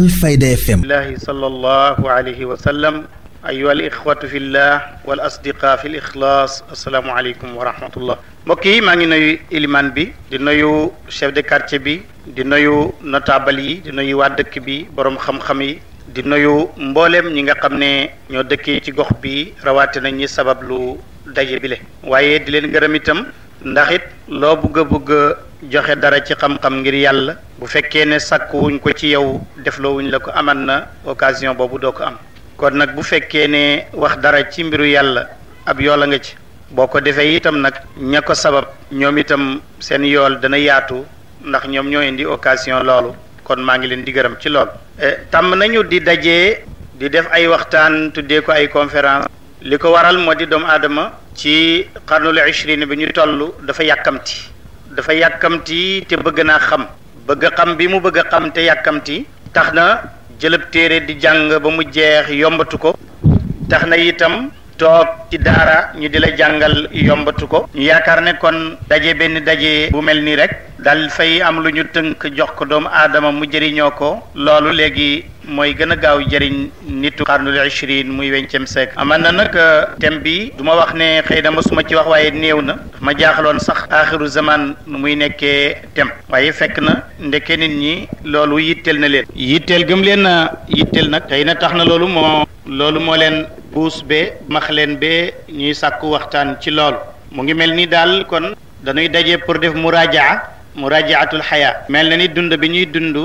Alfayda FM الله صلى الله عليه وسلم أيها الإخوة في الله والأصدقاء في الإخلاص السلام عليكم ورحمة الله mbokk yi maa ngi nuyu ilimaan bi di nuyu chef de quartier bi di nuyu notable yi di nuyu waa dëkk bi boroom xam-xam yi di nuyu mboolem ñi nga xam ne ñoo dëkkee ci gox bi rawaate na ñi sabab lu daje bile waaye di leen gërëm itam ndax it loo bëgg a bëgg joxe dara ci xam-xam ngir yàlla bu fekkee ne sàkkuwuñ ko ci yow defloowuñ la ko aman na occasion boobu doo ko am kon nag bu fekkee ne wax dara ci mbiru yàlla ab yoola nga ci boo ko defee itam nag ña ko sabab ñoom itam seen yool dana yaatu ndax ñoom ñoo indi occasion loolu kon maa ngi leen di gërëm ci lool eh, tàmm nañu di dajee di def ay waxtaan tuddee ko ay conférence li ko waral moo di doomu aadama ci xarnul ishrin bi ñu toll dafa yàkkamti dafa yàkkamti te bëgg naa xam bëgg xam bi mu bëgg xam te yàkkamti tax na jëlëb téere di jàng ba mu jeex yombatu ko tax na itam toog ci daara ñu di la jàngal yombatu ko ñu yaakaar ne kon daje benn daje bu mel nii rek dal fay am lu ñu tënk jox ko doomu aadama mu jëriñoo ko loolu léegi mooy gën a gaaw jëriñ nitu xarnul ishrin muy wencem seek aman na nag euh, thème bi du ma wax ne xëy na mosuma ci wax waaye néew na ma jaaxaloon sax aaxiru zaman nu muy nekkee thème waaye fekk na ndeke nit ñi loolu yitteel na leen yitteel gëm leen na yitteel nag xëy na tax na loolu moo loolu moo puus be maxleen be ñuy sàkku waxtaan ci loolu mu ngi mel nii daal kon dañuy daje pour def murajaa murajaatul xayaa mel na ni dund bi ñuy dund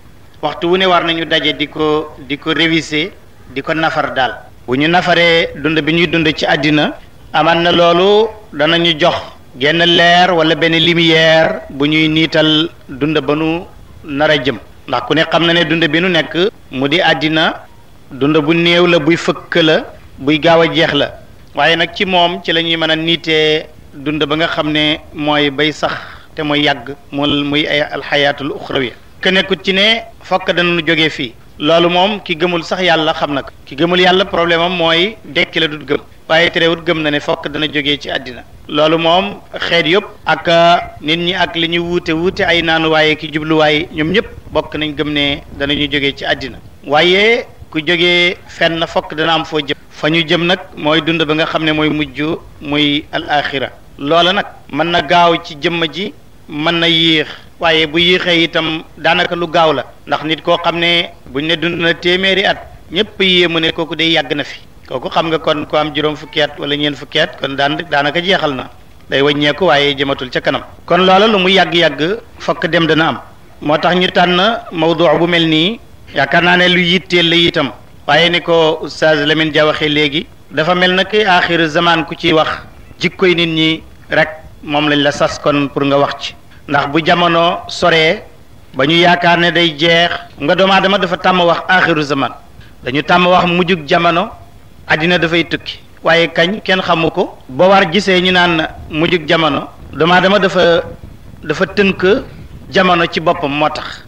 waxtu wu ne war nañu daje di ko di ko réviser di ko nafar daal bu ñu nafaree dund bi ñuy dund ci àddina amaan na loolu danañu jox genn leer wala benn lumière bu ñuy niital dund ba nu nara jëm ndax ku ne xam na ne dund bi nu nekk mu di àddina dund bu néew la buy fëkk la buy gaaw a jeex la waaye nag ci moom ci la ñuy mën a niitee dund ba nga xam ne mooy bay sax te mooy yàgg mool muy ay alxayaatul uxrawiya ke nekkut ci ne fokk danañu jóge fii loolu moom ki gëmul sax yàlla xam na ko ki gëmul yàlla problème am mooy dekki la dut gëm waaye terewut gëm na ne fokk dana jóge ci àddina loolu moom xeet yëpp ak euh, nit ñi ak li ñuy wuute wuute ay naanuwaay ki jubluwaay ñoom ñëpp bokk nañ gëm ne danañu jóge ci àddina waaye ku jógee fenn fokk dana am foo jëm fa ñu jëm nag mooy dund ba nga xam ne mooy mujj muy al axira loola nag mën na gaaw ci jëmm ji mën na yéex waaye bu yéexee itam daanaka lu gaaw la ndax nit koo xam ne buñ ne dund na téeméeri at ñëpp yéemu ne kooku day yàgg na fi kooku xam nga kon ku am juróom fukki at wala ñeent fukki at kon daan daanaka jeexal na day wàññeeku waaye jëmatul ca kanam kon loola lu mu yàgg-yàgg fokk dem dana am moo tax ñu tànn mawdu yaakaar naa ne lu yitteel la itam waaye ni ko oustaz Lamine Dia waxee léegi dafa mel na ki aaxiru zamaan ku ci wax koy nit ñi rek moom lañ la sas kon pour nga wax ci ndax bu jamono soree ba ñu yaakaar ne day jeex nga doomu aadama dafa tàmm wax aaxiru zamaan dañu tàmm wax mujjug jamono àddina dafay tukki waaye kañ kenn xamu ko ba war gisee ñu naan mujjug jamono doomu aadama dafa dafa tënk jamono ci boppam moo tax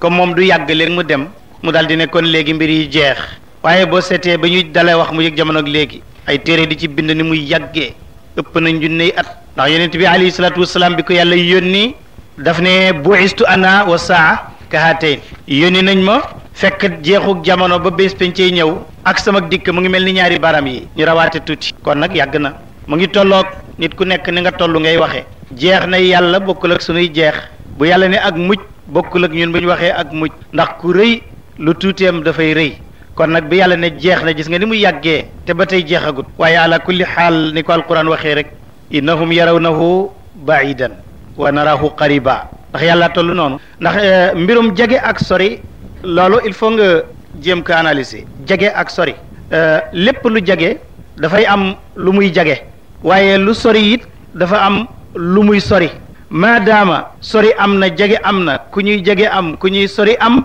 comme moom du yàgg leen mu dem mu daal di ne kon léegi mbir yi jeex waaye boo seetee ba ñuy dalee wax mu yëg jamono ak léegi ay téere di ci bind ni muy yàggee ëpp nañ junney at ndax yonent bi alayhi salaam bi ko yàlla yónni dafa ne istu ana wa saa kahaatayn yónni nañ ma fekk jeexuk jamono ba bés pencey ñëw ak sama dikk mu ngi mel ni ñaari baram yi ñu rawaate tuuti kon nag yàgg na mu ngi tolloog nit ku nekk ni nga toll ngay waxe jeex na yàlla bokkul ak sunuy jeex bu yàlla ne ak mujj bokkul ak ñun bu ñu waxee ak mujj ndax ku rëy lu tuuteem dafay rëy kon nag bi yàlla ne jeex na gis nga ni mu yàggee te ba tey jeexagut waaye ala kulli xaal ni ko alquran waxee rek yaraw innahum yarawnahu baidan wa narahu qariba ndax yàlla toll noonu ndax eh, mbirum jege ak sori loolu il faut nga jéem ko analyser jege ak sori eh, lépp lu jege dafay am lu muy jege waaye lu sori it dafa am lu muy sori maadaama sori am na jege am na ku ñuy jege am ku ñuy sori am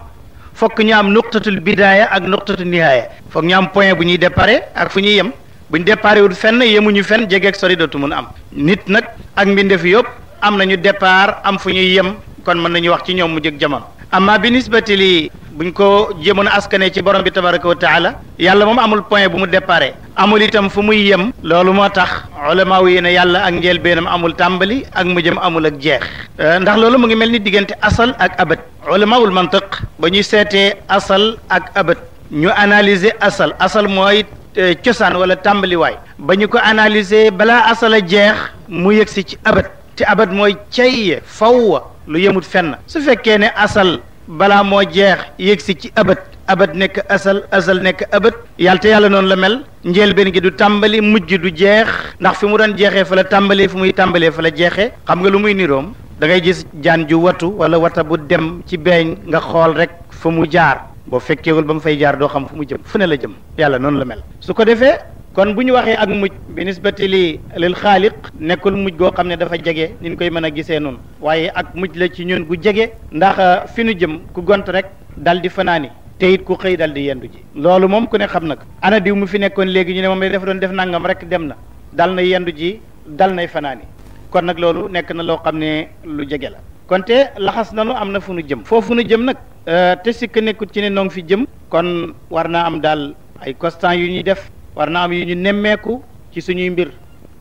fokk ñu am nuqtatul bidaaya ak nuqtatul nihaaya fokk ñu am point bu ñuy dépare ak fu ñuy yem bu ñu dépare wul fenn yemuñu fenn jege ak sori dootu mun am nit nag ak mbindeef yëpp am na ñu départ am fu ñuy yem kon mën nañu wax ci ñoom mu jëg jamono amaa bi nisbati lii buñ ko jëmoon askane ci borom bi tabaraka wa taala yàlla moom amul point bu mu dépare amul itam fu muy yem loolu moo tax ulama yi ne yàlla ak njeel beenam amul tàmbali ak mujjam amul ak jeex euh, ndax loolu mu ngi mel ni diggante asal ak abad ulamaul mantiq ba ñuy seetee asal ak abad ñu analyser asal asal mooy euh, cosaan wala tàmbaliwaay ba ñu ko analyser balaa asal a jeex mu yëgsi ci abad te abad mooy cayye fawwa lu yemut fenn su fekkee ne asal balaa moo jeex yéeg si ci abad abad nekk asal asal nekk abad yàlla te yàlla noonu la mel njëlbeen gi du tàmbali mujj du jeex ndax fi mu doon jeexee fa la tàmbalee fi muy tàmbalee fa la jeexee xam nga lu muy niroom da ngay gis jaan ju watu wala wata bu dem ci beeñ nga xool rek fa mu jaar boo fekkeewul ba mu fay jaar doo xam fu mu jëm fu ne la jëm yàlla noonu la mel su ko defee kon bu ñu waxee ak mujj bi nisbati li lil xaaliq nekkul mujj goo xam ne dafa jege ni ñu koy mën a gisee noonu waaye ak mujj la ci ñun gu jege ndax euh, fi nu jëm ku gont rek dal di fanaani te it ku xëy dal di yendu ji loolu moom ku ne xam na ko ana mu fi nekkoon léegi ñu ne moom dafa doon def nangam rek dem na dal na yendu ji dal nay fanaani kon nag loolu nekk na loo xam ne lu jege la konte laxas na nu am na fu nu jëm foofu nu jëm nag euh, te sikk nekkut ci ne noo ngi fi jëm kon war naa am daal ay constat yu ñuy def war na am yu ñu nemmeeku ci suñuy mbir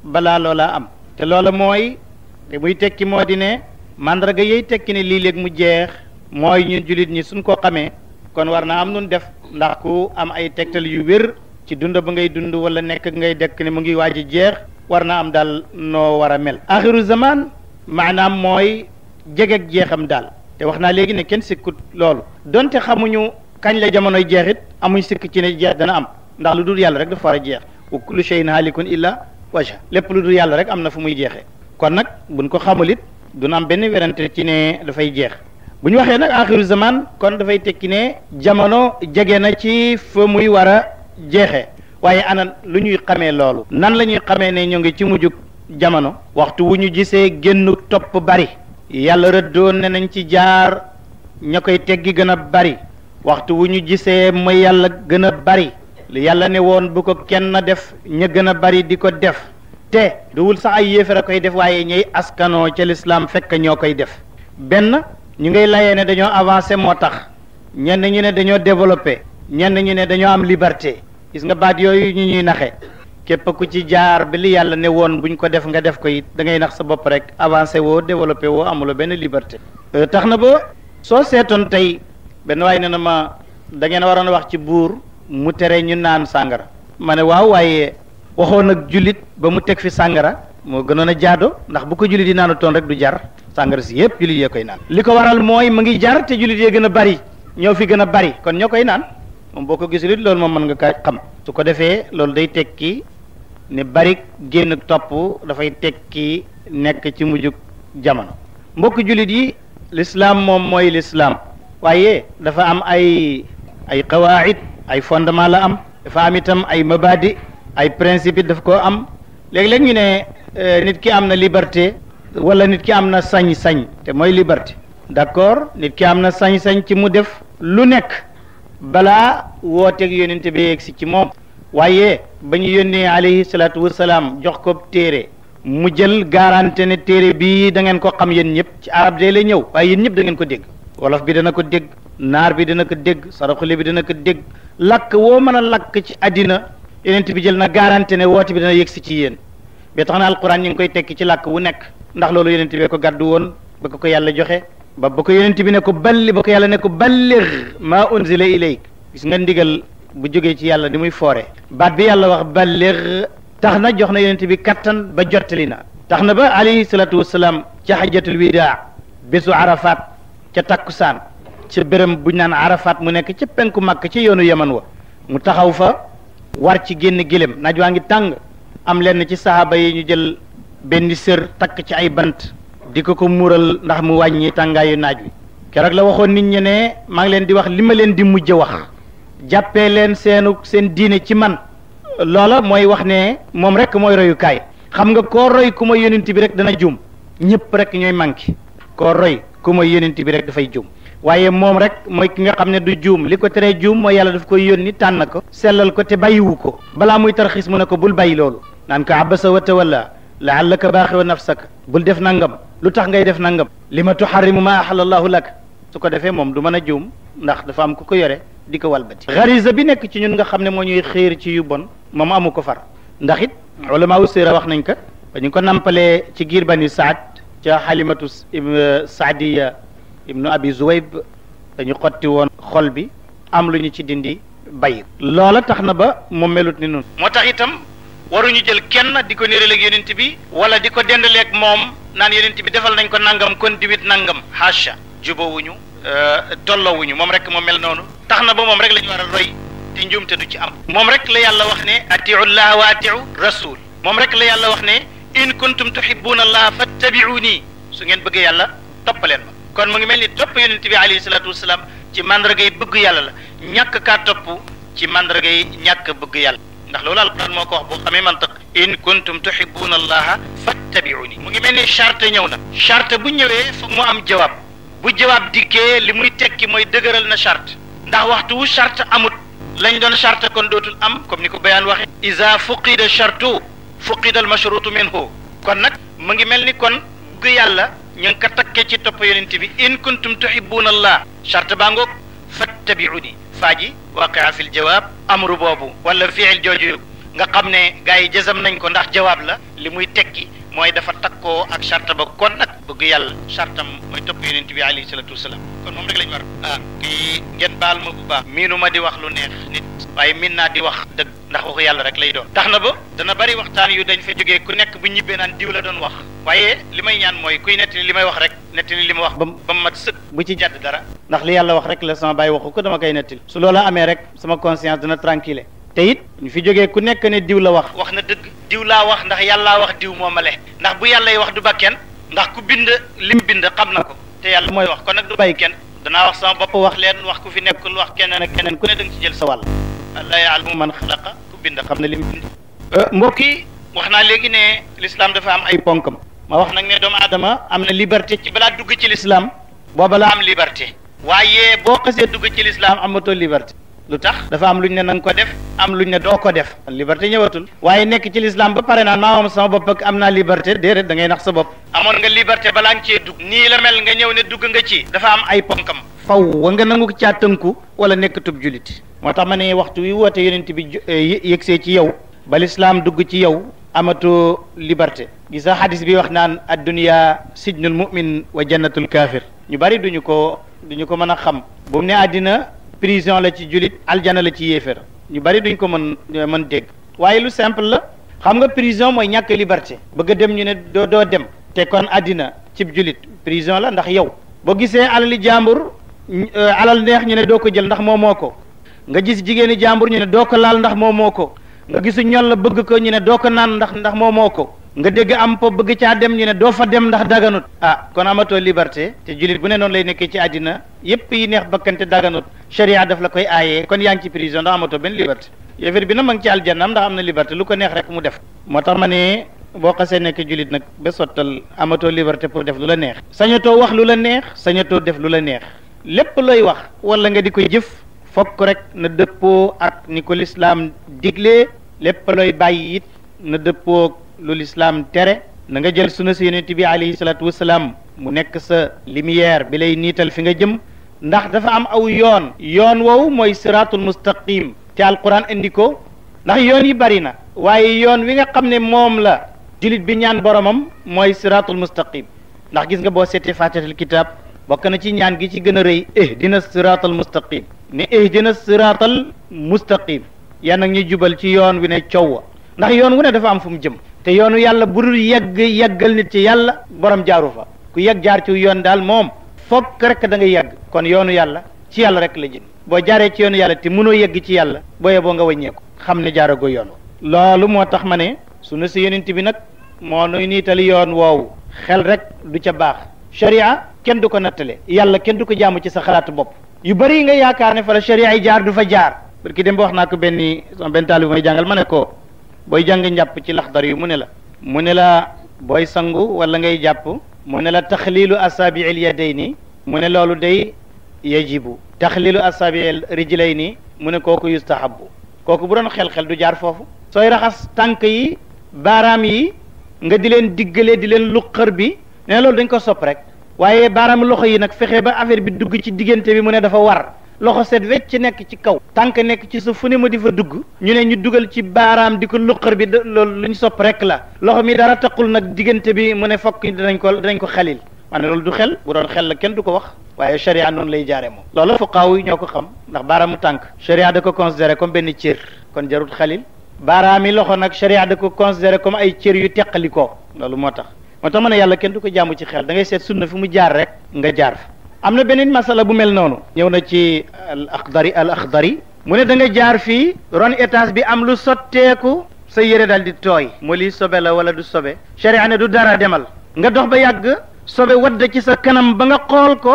balaa loola am te loola mooy te muy tekki moo di ne mandarga yey tekki ne lii léeg mu jeex mooy ñu jullit ñi suñ ko xamee kon war naa am nun def ndax ku am ay tegtal yu wér ci dund ba ngay dund wala nekk ngay dekk ne mu ngi waaj a jeex war naa am daal noo war a mel axiru zaman maanaam mooy jegeeg jeexam daal te wax naa léegi ne kenn sikkut loolu donte xamuñu kañ la jamonoy jeexit amuñ sikk ci ne jeex dana am ndax lu dul yàlla rek dafa war a jeex wa kullu shay'in halikun illa wajha lépp lu dul yàlla rek am na fu muy jeexee kon nag buñ ko xamul it duna am benn werante ci ne dafay jeex bu ñu waxee nag axiru zaman kon dafay tekki ne jamono jege na ci fa muy war a jeexee waaye ana lu ñuy xamee loolu nan la ñuy xamee ne ñoo ngi ci mujjug jamono waxtu wu ñu gisee génn topp bari yàlla rëddoon ne nañ ci jaar ña koy teggi gën a bari waxtu wu ñu gisee ma yàlla gën a bari li yàlla ne woon bu ko kenn def ña gën a bari di ko def te duwul sax ay yéefar a koy def waaye ñooy askanoo ca lislaam fekk ñoo koy def benn ñu ngay laye ne dañoo avancé moo tax ñenn ñi ne dañoo développé ñenn ñu ne dañoo am liberté gis nga baat yooyu ñu ñuy naxe képp ku ci jaar bi li yàlla ne woon buñ ko def nga def ko it da ngay nax sa bopp rek avancé woo développé woo amuloo benn liberté euh, tax na ba soo seetoon tey benn waay ne na ma da ngeen waroon wax ci buur mu tere ñu naan sàngara ma ne waaw waaye waxoon ak jullit ba mu teg fi sàngara moo gënoon a jaado ndax bu ko jullit yi naanu ton rek du jar sàngara si yëpp jullit yee koy naan li ko waral mooy mu ngi jar te jullit yee gën a bari ñoo fi gën a bari kon ñoo koy naan moom boo ko gisulit loolu moom mën nga kaa xam su ko defee loolu day teg ki ne bari génn topp dafay teg tekki nekk ci mujjug jamono mbokk jullit yi lislaam moom mooy lislaam waaye dafa am ay ay qawaid ay fondement la am dafa am itam ay mabadi ay principe daf ko am léeg-léeg ñu ne euh, nit ki am na liberté wala nit ki am na sañ-sañ te mooy liberté d'accord nit ki am na sañ-sañ ci mu def lu nekk balaa woo teg yonent bi yegsi ci moom waaye ba ñu yónnee alayhi salaatu wasalaam jox ko téere mu jël garantie ne téere bi da ngeen ko xam yéen ñëpp ci arab de la ñëw waaye yéen ñëpp da ko dégg wolof bi dana ko dégg naar bi dina ko dégg saraxule bi dina ko dégg lakk woo mën a lakk ci àddina yonent bi jël na garanti ne woote bi dina yëgsi ci yéen ba tax na alquran ñu ngi koy tekki ci làkk wu nekk ndax loolu yonent bi ko gàddu woon ba ko ko yàlla joxe ba ba ko yonent bi ne ko balli ba ko yàlla ne ko ma maa unzila ilayk gis nga ndigal bu jógee ci yàlla di muy foore baat bi yàlla wax ballir tax na jox na yonent bi kattan ba jottali na tax na ba alayhi salaatu wasalaam ca xajatul widaa bésu arafat ca takkusaan ci bërëm buñ naan Arafat mu nekk ci penku Makka ci yoonu yeman wa mu taxaw fa war ci génn gilem naaj waa ngi tàng am lenn ci saxaaba yi ñu jël benn sër takk ci ay bant di ko ko muural ndax mu wàññi tàngaayu naaj wi keroog la waxoon nit ñi ne maa ngi leen di wax li ma leen di mujj wax jàppee leen seenu seen diine ci man loola mooy wax ne moom rek mooy royukaay xam nga koo roy ku ma yonent bi rek dana juum ñëpp rek ñooy manqué koo roy ku ma yonent bi rek dafay juum waaye moom rek mooy ki nga xam ne du juum li ko teree juum mooy yàlla daf koy yónni tànn ko sellal ko te bàyyiwu ko balaa muy tarxiis mu ne ko bul bàyyi loolu naan la abasa wa tawalla laallaka baaxiwa nafsaka bul def nangam lu tax ngay def nangam li ma tuxarimu ma la lak su ko defee moom du mën a juum ndax dafa am ku ko yore di ko walbati xarisa bi nekk ci ñun nga xam ne moo ñuy xiir ci yu bon moom amu ko far ndax it ulama usira wax nañ ko ba ko nampalee ci giir bani saad ca xalimatu saadiya ibnu abi zuwayb dañu xotti woon xol bi am lu ñu ci dindi bay loola tax na ba mu melut ni nun moo tax itam waruñu jël kenn di ko niréleeg yonent bi wala di ko dendaleeg moom naan yonent bi defal nañ ko nangam kon diwit nangam haasha jubawuñu tollowuñu euh, moom rek moo mel noonu tax na ba moom rek la ñu war a roy te njuumte ci am moom rek la yàlla wax ne atiu llaha wa atiu rasul moom rek la yàlla wax ne in kuntum tuhibbuna allaha fattabi'uni su ngeen bëggee yàlla toppaleen kon mu ngi mel ni topp yonent bi alayhi salaatu wasalaam ci mandarga yi bëgg yàlla la ñàkk kaa topp ci mandarga yi ñàkk bëgg yàlla ndax loolu alquran moo ko wax boo xamee mantiq in kuntum tuhibbuna allaha fattabi'uni mu ngi mel ni charte ñëw na charte bu ñëwee foog mu am jawaab bu jawaab dikkee li muy tekki mooy dëgëral na charte ndax waxtu wu charte amut lañ doon charte kon dootul am comme ni ko bayaan waxee iza fuqida chartu fuqida al mashrutu minhu kon nag mu ngi mel ni kon yàlla ñun ngi ko takkee ci topp yonent bi in kuntum tuhibbuuna allah charte baa ngoog fattabiuni faaji waqia fi l jawaab amru boobu wala fiil jooju nga xam ne gars yi jësam nañ ko ndax jawaab la li muy tekki mooy dafa takkoo ak charte ba kon nag bëgg yàlla chartam mooy topp yonent bi alayhi salatu wasalaam kon moom rek lañ war ah di ngeen baal ma bu baax miinu ma di wax lu neex nit waaye miin naa di wax dëgg ndax waxu yàlla rek lay doon tax na ba dana bari waxtaan yu dañ fa jógee ku nekk bu ñibbee naan diw la doon wax waaye li may ñaan mooy kuy nettali li may wax rek li ma wax ba ba mat sëkk bu ci jàdd dara ndax li yàlla wax rek la sama bàyyi waxu ko dama koy nettali su loola amee rek sama conscience dana tranquille te it ñu fi jógee ku nekk ne diw la wax wax na dëgg diw laa wax ndax yàllaa wax diw moo male ndax bu yàlla yi wax du bàkkeen ndax ku bind li mu bind xam na ko te yàlla mooy wax kon nag du bàyyi kenn danaa wax sama bopp wax leen wax ku fi nekkul wax keneen ak keneen ku ne da nga ci jël sa wàll allah yaalamu man xalaqa ku bind xam ne li mu euh, mbokk yi wax naa léegi ne l'islam dafa am ay ponkam ma wax nag ne doomu aadama am na liberté ci balaa dugg ci l'islam booba la am liberté waaye boo xasee dugg ci l'islam amatoo liberté lu tax dafa am luñ ne na nga ko def am luñ ne doo ko def liberté ñëwatul waaye nekk ci lislaam ba pare naan maa moom sama bopp am naa liberté déedéet da ngay nax sa bopp amoon nga liberté balaa nga cee dugg nii la mel nga ñëw ne dugg nga ci dafa am ay ponkam faw wa nga nangu caa tënku wala nekk tub julit moo tax ma ne waxtu wi woote yonent bi eh, yëgsee ci yow ba lislaam dugg ci yow amatu liberté gisa xadis bi wax naan addunia sijnul mu'min ñu bari duñu ko duñu ko mën a xam prison la ci julit aljana la ci yéefér ñu bari duñ ko mën mën dégg waaye lu simple la xam nga prison mooy ñàkk liberté bëgg a dem ñu ne doo dem te kon àddina cib julit prison la ndax yow boo gisee alali jàmbur euh, alal neex ñu ne doo ko jël ndax moo moo ko nga gis jigéeni jàmbur ñu ne doo ko laal ndax moo moo ko nga gisu ñol la bëgg ko ñu ne doo ko naan ndax ndax moo moo ko nga dégg am po bëgg caa dem ñu ne doo fa dem ndax daganut ah kon amatoo liberté te jullit bu ne noonu lay nekkee ci àddina yépp yi neex bakkante daganut sharia daf la koy aayee kon yaa ngi ci prison ndax amatoo benn liberté yéefar bi na ma ngi ci aljannaam ndax am na liberté lu ko neex rek mu def moo tax ma ne boo xasee nekk jullit nag ba sottal amatoo liberté pour def lu la neex sañatoo wax lu la neex sañatoo def lu la neex lépp looy wax wala nga di ko jëf fokk rek na dëppoo ak ni ko lislaam diglee lépp looy bàyyi it na dëppoo lu lislaam tere na nga jël sunna si yonent bi alayhi salaatu wasalaam mu nekk sa lumière bi lay niital fi nga jëm ndax dafa am aw yoon yoon woowu mooy siraatul mustaqim te alquran indi ko ndax yoon yi bari na waaye yoon wi nga xam ne moom la julit bi ñaan boromam mooy siraatul mustaqim ndax gis nga boo seetee faatihatul kitaab bokk na ci ñaan gi ci gën a rëy ihdina siraatal mustaqim ne ihdina siraatal mustaqim yan nag ñu jubal ci yoon wi ne coow ndax yoon wu ne dafa am fu mu jëm te yoonu yàlla bu dul yegg yeggal nit ci yàlla borom jaaru fa ku yegg jaar ci yoon daal moom fokk rek da nga yegg kon yoonu yàlla ci yàlla rek la jëm boo jaaree ci yoonu yàlla te mënoo yegg ci yàlla boo yeboo nga wëññeeku xam ne jaaragoo yoon loolu moo tax ma ne su sunu si yonent bi nag moo nuy niitali yoon woowu xel rek du ca baax sharia kenn du ko nattalee yàlla kenn du ko jaamu ci sa xalaatu bopp yu bari nga yaakaar ne fa la sharia yi jaar du fa jaar parce dem ba wax naa benn sama benn taalibe bu may jàngal ma ne ko booy jàng njàpp ci laxdar yu mu ne la mu ne la booy sangu wala ngay jàpp mu ne la taxliilu asaabiil yadayni mu ne loolu day yajibu taxliilu asaabiil rijlayni mu ne kooku yustahabu kooku bu doon xel-xel du jaar foofu sooy raxas tànk yi baaraam yi nga di leen diggalee di leen xër bi ne loolu dañ ko sopp rek waaye baaraam loxo yi nag fexe ba affaire bi dugg ci diggante bi mu ne dafa war loxo set wecc nekk ci kaw tànk nekk ci suuf fu ne ma di fa dugg ñu ne ñu dugal ci baaraam di ko luqar bi loolu lu ñu sopp rek la loxo mi dara taqul nag diggante bi mu ne fokk dinañ ko dinañ ko xalil maanaam loolu du xel bu doon xel la kenn du ko wax waaye sharia noonu lay jaare moom loolu fuqaaw yi ñoo ko xam ndax baaraamu tànk sharia da ko considéré comme benn cër kon jarut xalil baaraami loxo nag sharia da ko considéré comme ay cër yu teqali ko loolu moo tax moo tax ma ne yàlla kenn du ko jaamu ci xel da seet sunna fi mu jaar rek nga jaar am na beneen masala bu mel noonu ñëw na ci al axdari al axdari mu ne da nga jaar fii ron étage bi am lu sotteeku sa yére daal di tooy moo lii sobe la wala du sobe sharia ne du dara demal nga dox ba yàgg sobe wadd ci sa kanam ba nga xool ko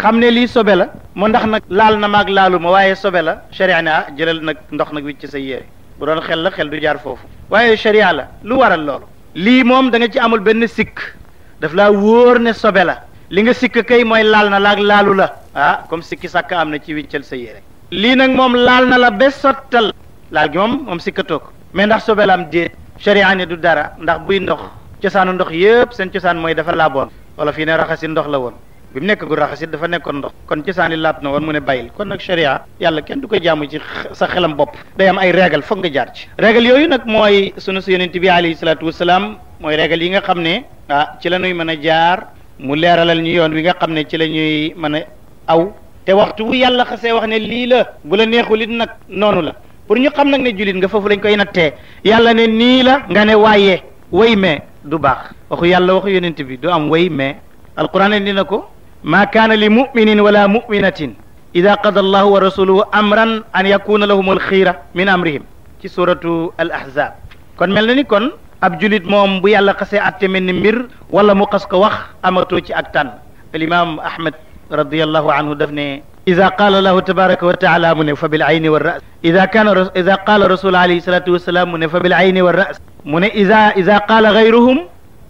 xam ne lii sobe la mu ndax nag laal na maag laalu ma waaye sobe la sharia ne ah jëlal nag ndox nag wicc ci sa yére bu doon xel la xel du jaar foofu waaye sharia la lu waral loolu lii moom da nga ci amul benn sikk daf laa wóor ne sobe la li nga sikk kay mooy laal na la ak laalu la ah comme sikki sàkk am na ci wiccal sa yére lii nag moom laal na la ba sottal laal gi moom moom sikkatoo ko mais ndax sobel am déet sharia du dara ndax buy ndox cosaanu ndox yëpp seen cosaan mooy dafa laaboon wala fii ne raxasit ndox la woon bi mu nekk gu raxasit dafa nekkoon ndox kon cosaan yi na woon mu ne bàyyil kon nag sharia yàlla kenn du ko jaamu ci sa xelam bopp day am ay régal foog nga jaar ci régal yooyu nag mooy sunu su yonent bi alayhi salaatu wasalaam mooy régal yi nga xam ne ah ci la ñuy mën a jaar mu leeralal ñu yoon wi nga xam ne ci la ñuy mën a aw te waxtu bu yàlla xasee wax ne lii la bu la neexul it nag noonu la pour ñu xam nag ne jullit nga foofu lañ koy nattee yàlla ne nii la nga ne waaye way mais du baax waxu yàlla waxu yonent bi du am way mais alquran indi na ko ma kaana li muminin wala muminatin ida qada allahu wa rasuluhu amran an yakuna lahum alxiira min amrihim ci suratu al ahzab kon mel na ni kon ab julit moom bu yàlla xasee atte mel ni mbir wala mu xas ko wax amatoo ci ak tànn al imam ahmad radiallahu anhu daf ne ida qaala lahu tabaraka wa taala mu ne fa bil ayni wa ras ida kaana ida qaala rasul alayhi salatu mu ne fa bil ayni wa ras mu ne ida ida qaala gayruhum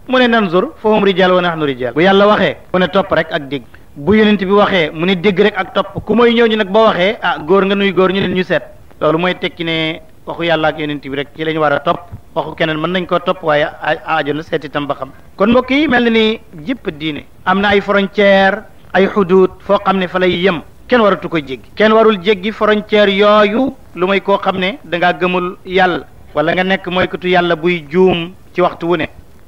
mu ne nanzur fa hum rijal wa nahnu rijal bu yàlla waxee mu ne topp rek ak dégg bu yonent bi waxee mu ne dégg rek ak topp ku mooy ñëw ñu nag boo waxee ah góor nga nuy góor ñu leen ñu seet loolu mooy tekki ne waxu yàlla ak yonent bi rek ci lañu war a topp waxu keneen mën nañ koo topp waaye aajo na seet itam ba xam kon mbokk yi mel na ni jëpp diine am na ay frontière ay xuduut foo xam ne fa lay yem kenn waratu ko jéggi kenn warul jéggi frontière yooyu lu may koo xam ne da nga gëmul yàlla wala nga nekk moykatu yàlla buy juum ci waxtu wu ne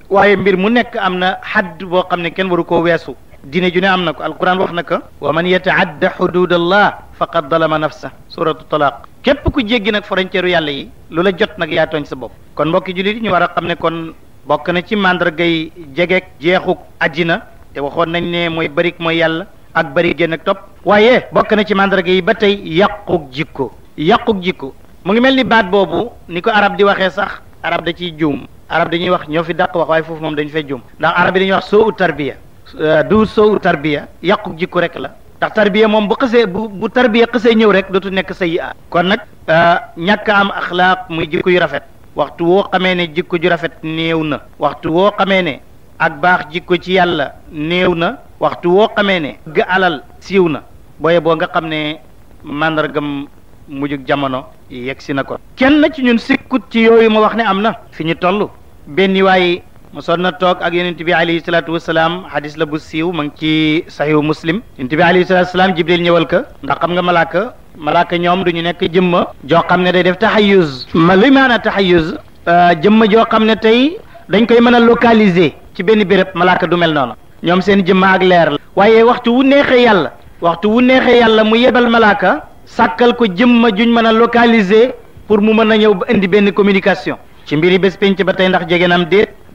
waaye mbir mu nekk am na xadd boo xam ne kenn waru ko weesu diine ju ne am na ko alquran wax na ko wa man yataadda xuduud allah faqad dalama nafsa suratu talaq képp ku jéggi nag frontière yàlla yi lu la jot nag yaa tooñ sa bopp kon mbokki jullit yi ñu war a xam ne kon bokk na ci màndargay jegeek jeexuk àjjina te waxoon nañ ne mooy bërik mooy yàlla ak bëri génn ak topp waaye bokk na ci màndarga yi ba tey yàquk jikko yàquk jikko mu ngi mel ni baat boobu ni ko arab di waxee sax arab da ciy juum arab dañuy wax ñoo fi dàq wax waaye foofu moom dañu fay juum ndax arab bi dañuy wax soo u tarbiya euh, du soo u tarbiya yàquk jikko rek la ndax tarbiya moom bu xasee bu bu tarbiya xasee ñëw rek dootu nekk sa yi kon nag euh, ñàkk am axlaaq muy jikko yu rafet waxtu woo xamee ne jikko ju rafet néew na waxtu woo xamee ne ak baax jikko ci yàlla néew na waxtu woo xamee ne bëgg alal siiw na booye boo nga xam ne màndargam mujjug jamono yegg si na ko kenn ci ñun sikkut ci yooyu ma wax ne am na fi ñu toll benn waay mosoon na toog ak yonent bi alayhi salaatu wasalaam hadis la bu siiw ma ngi ci saxihu muslim yonent bi alayhi salaatu wasalaam jibril ñëwal ka ndax xam nga malaaka malaaka ñoom du ñu nekk jëmma joo xam ne day def taxayuz ma luy maana taxayuz euh, jëmma joo xam ne tey dañ koy mën a localiser ci benn béréb malaaka du mel noonu ñoom seen jëmma ak leer waaye waxtu wu neexee yàlla waxtu wu neexee yàlla mu yebal malaaka sàkkal ko jëmma juñ mën a localiser pour mu mën a ñëw ba indi benn communication ci mbiri bés penc ba tey ndax jege naam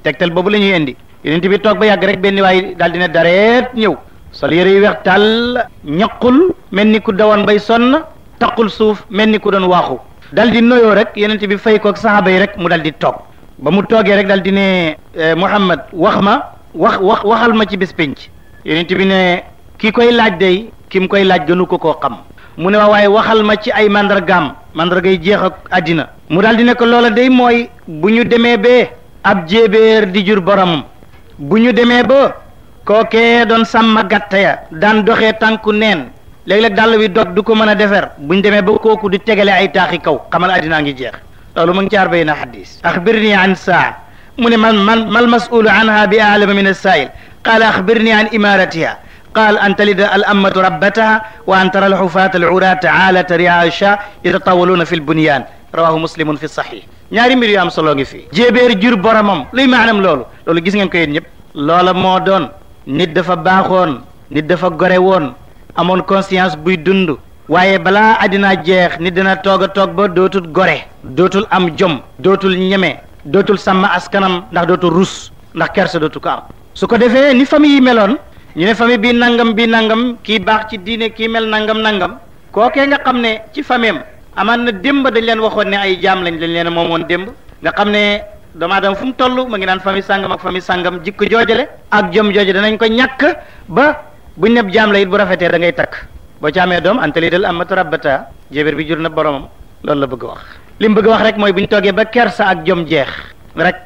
tegtal boobu la ñuy indi yonent bi toog ba yàgg rek benn waay daal dina dareet ñëw sol yére yu weex tàll ñaqul mel ni ku dawoon bay sonn taqul suuf mel ni ku doon waaxu dal di noyoo rek yonent bi fay koog saxaaba yi rek mu dal di toog ba mu toogee rek dal di ne eh, Muhammad wax ma wax wax waxal ma ci bis pénc yonent bi ne ki koy laaj day ki mu koy laaj gënu ko koo xam mu ne waaye waxal ma ci ay màndargaam mandargay jeex ak àddina mu daal ne ko loola ab jéebéer di jur boromam bu ñu demee ba kookee doon sàmm gàtt ya daan doxee tànku neen léeg-léeg dàll wi dog du ko mën a defar bu ñu demee ba kooku di tegale ay taaxi kaw xamal addinaa ngi jeex loolu mu ngi caar bay na xadis axbirni an saa mu ne man man mal masulu anha bi aalama min assail qaala axbirni an imaratiha قال أن تلد الأمة ربتها وأن ترى الحفاة العراة عالة رعاشا يتطاولون في البنيان رواه مسلم في الصحيح ñaari mbir yu am solo ngi fii jéebéer jur boromam luy maanaam loolu loolu gis ngeen ko yéen ñëpp loola moo doon nit dafa baaxoon nit dafa gore woon amoon conscience buy dund waaye balaa àddina jeex nit dina toog a toog ba dootul gore dootul am jom dootul ñeme dootul sàmm askanam ndax dootul rus ndax kersa dootu ko am su ko defee ni famille yi meloon ñu ne famille bii nangam bi nangam kii baax ci diine kii mel nangam nangam kookee nga xam ne ci famille amaan na démb dañ leen waxoon ne ay jaam lañ dañ leen moomoon démb nga xam ne damaa aadama fu mu toll ma ngi naan famille sàngam ak famille sàngam jikko joojale ak jom jooje danañ ko ñàkk ba bu neb jaam la it bu rafetee da ngay takk boo ci amee doom antaliidal amatu rabbata jébér bi jur na boromam loolu la bëgg a wax li mu bëgg wax rek mooy bu ñu toogee ba kersa ak joom jeex rek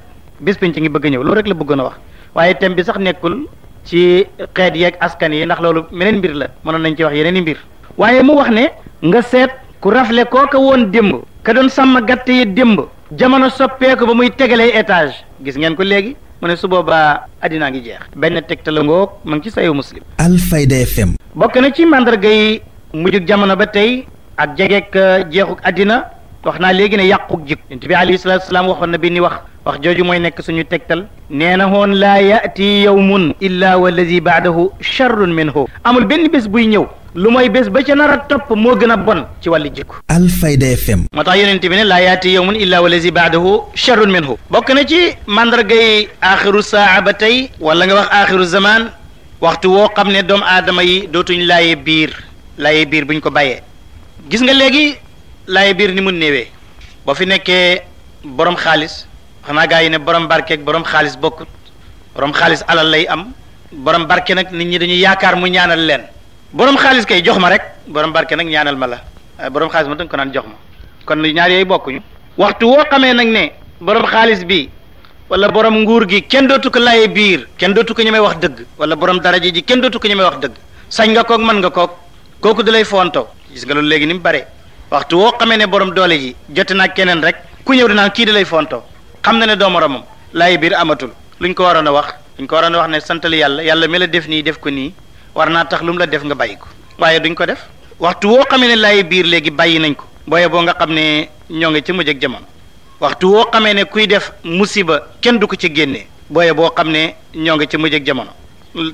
bis pinc ngi bëgg ñëw loolu rek la bëggoon wax waaye thème bi sax nekkul ci xeet yeeg askan yi ndax loolu meneen mbir la mënoon nañ ci wax yeneen i mbir waaye mu wax ne nga seet ku rafle kooka woon démb ka doon sàmm gàtt yi démb jamono soppeeku ba muy tegalee étage gis ngeen ko léegi mu ne su boobaa addinaa ngi jeex benn tegtala ngoog ma ngi ci sayu muslim Alfayda FM bokk na ci màndarga yi mujjug jamono ba tey ak jegeek euh, jeexuk àddina wax naa léegi ne yàquk jik yonent bi alayhi salaatu waxoon na benn wax wax jooju mooy nekk suñu tegtal nee na hoon laa yow yawmun illa wallazi baadahu charrun minhu amul benn bés buy ñëw lu mooy bés ba ca nar a topp moo gën a bon ci wàllu jikko Alfayda FM moo tax yonent bi ne laa yaati yowmun illaa walazi baadahu charrun minhu bokk na ci mandargay axiru saa ba tey walla nga wax axiru zaman waxtu woo xam ne doomu aadama yi dootuñ laaye biir laaye biir buñ ko bàyyee gis nga léegi laaye biir ni mu néewee boo fi nekkee borom xaalis naa gaa yi ne borom barkeeg boroom xaalis bokkut boroom xaalis alal lay am borom barke nag nit ñi dañuy yaakaar mu ñaanal leen borom xaalis kay jox ma rek borom barke nag ñaanal ma la borom xaalis ma danga ko naan jox ma kon ñaar yooyu bokkuñu waxtu woo xamee nag ne borom xaalis bi wala borom nguur gi kenn dootu ko laye biir kenn dootu ko ñemee wax dëgg wala borom daraja ji kenn dootu ko ñemee wax dëgg sañ nga koog mën nga koog kooku dalay lay foonto nga loolu léegi ni mu bare waxtu woo xamee ne borom doole ji jote naa keneen rek ku ñëw dinaan kii da lay foonto xam na ne doo moromam laye biir amatul luñ ko waroon a wax luñ ko waroon a wax ne santal yàlla yàlla mi la def nii def ko nii war naa tax lu la def nga bàyyi ko waaye duñ ko def waxtu woo xamee ne laay biir léegi bàyyi nañ ko booye boo nga xam ne ñoo ngi ci mujj ak jamono waxtu woo xamee ne kuy def musiba kenn du ko ci génnee booye boo xam ne ñoo ngi ci mujj ak jamono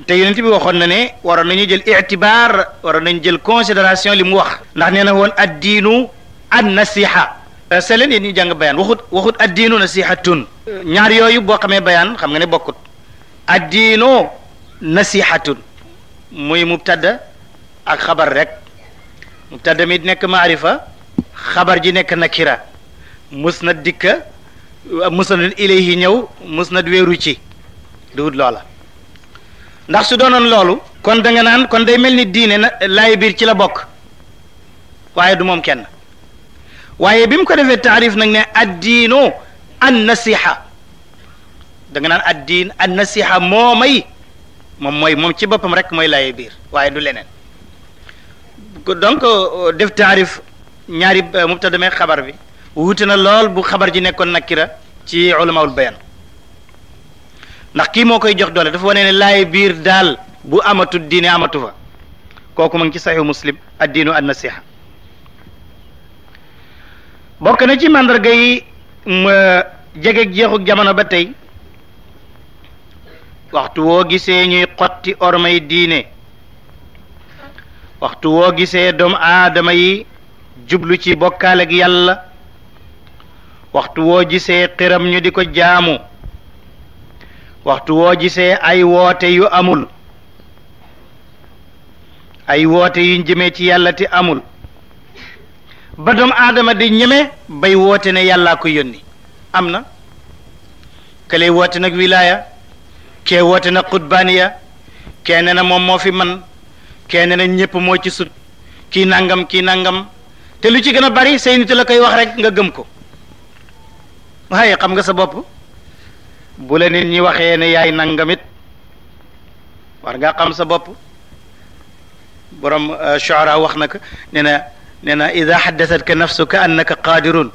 te yonent bi waxoon na ne waroon nañu jël itibaar waroon nañu jël considération li mu wax ndax nee na woon addiinu an nasiha euh, se leen yéen ñu jàng bayaan waxut waxut addiinu nasihatun ñaar yooyu boo xamee bayaan xam nga ne bokkut addiinu nasihatun muy mubtada ak xabar rek mubtada mi nekk maarifa xabar ji nekk nakira dikk dikka musnad yi ñëw musnad wéeru ci duwut loola ndax su doonoon loolu kon danga naan kon day mel ni diine na laay biir ci la bokk waaye du moom kenn waaye bi mu ko defee taarif nag ne addiinu an nasiha da nga naan addiin an nasiha moomay moom mooy moom ci boppam rek mooy laaye biir waaye du leneen donc euh, def taarif ñaari euh, mubtada xabar bi wuute na lool bu xabar ji nekkoon nakira ci ulamaul bayan ndax kii moo koy jox doole dafa wane ne laaye biir daal bu amatu diine amatu fa kooku mu ngi ci saxihu muslim ad diinu an nasiha bokk na ci màndarga yi euh, jege jeexuk jamono ba tey waxtu woo gisee ñuy xotti ormay diine waxtu woo gisee doomu aadama yi jublu ci bokkaale ak yàlla waxtu woo gisee xiram ñu di ko jaamu waxtu woo gisee ay woote yu amul ay woote yu jëmee ci yàlla te amul ba doomu aadama di ñeme bay woote ne yàllaa ko yónni am na këlay woote nag wilaaya kee woote na xutbaaniya kee ne na moom moo fi man kee ne na ñëpp moo ci sut kii nangam kii nangam te lu ci gën a bari say nit la koy wax rek nga gëm ko waaye xam nga sa bopp bu la nit ñi waxee ne yaay nangamit war ngaa xam sa bopp borom euh, shuara wax na ko ne na ne na ida xaddasat ka nafsuka annaka qadirun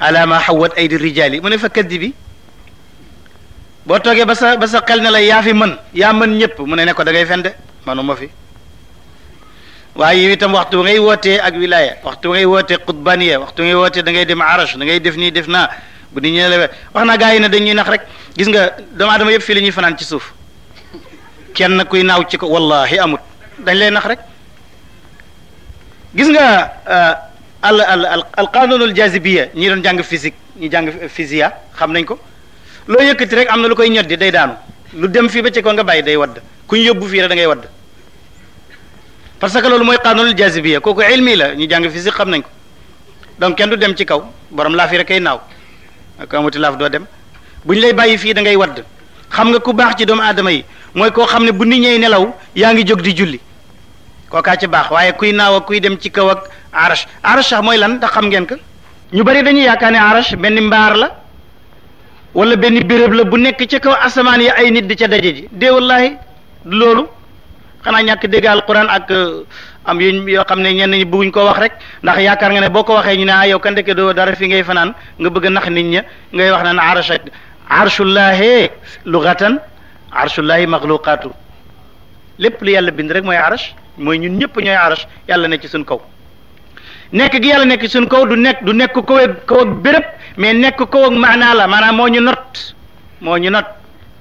ala ma xawat aydi rijaali mu ne fa kaddi bi boo toogee ba sa ba sa xel ne la yaa fi man yaa mën ñëpp mu ne ne ko da ngay fende manuma fi waaye witam waxtu ngay wootee ak wilaya waxtu ngay wootee qutbaniya waxtu ngay wootee dangay ngay dem arash da ngay def nii def naa bu nit ñi la wax na gaa yi ne dañuy nax rek gis nga doomu aadama yëpp fii la ñuy fanaan ci suuf kenn kuy naaw ci ko wallahi amut dañ lay nax rek gis nga euh, al al al al qanunul jazibiya ñi doon jàng physique ñi jàng euh, physia xam nañ ko loo yëkkati rek am na lu koy ñoddi day daanu lu dem fii ba ci ko nga bàyyi day wadd ku ñu yóbbu fii rek da wadd parce que loolu mooy qanunul jazibiya kooku ilmi la ñu jàng physique xam nañ ko donc kenn du dem ci kaw borom laaf yi rek kay naaw ko amati laaf doo dem bu lay bàyyi fii da ngay wadd xam nga ku baax ci doomu aadama yi mooy koo xam ne bu nit ñey nelaw yaa ngi jóg di julli kookaa ci baax waaye kuy naaw ak kuy dem ci kaw ak arash arash mooy lan ndax xam ngeen ko ñu bari dañuy yaakaar ne arash benn mbaar la wala benn béréb la bu nekk ca kaw asamaan yi ay nit di ca daje ji dee wallaahi loolu xanaa ñàkk dégg alquran ak euh, am yu yoo xam ne ñenn ñi bëgguñ ko wax rek ndax yaakaar nga ne boo ko waxee ñu ne ah yow kan dëkk doo dara fi ngay fanaan nga bëgg nax nit ña ngay wax naan arsh arshullaahi lugatan arshullaahi maxluqaatu lépp lu yàlla bind rek mooy arsh mooy ñun ñëpp ñooy arsh yàlla ne ci suñ kaw nekk gi yàlla nekk suñ kaw du nekk du nekk kaw ak kaw ak béréb mais nekk kaw ak maanaa la maanaam moo ñu not moo ñu not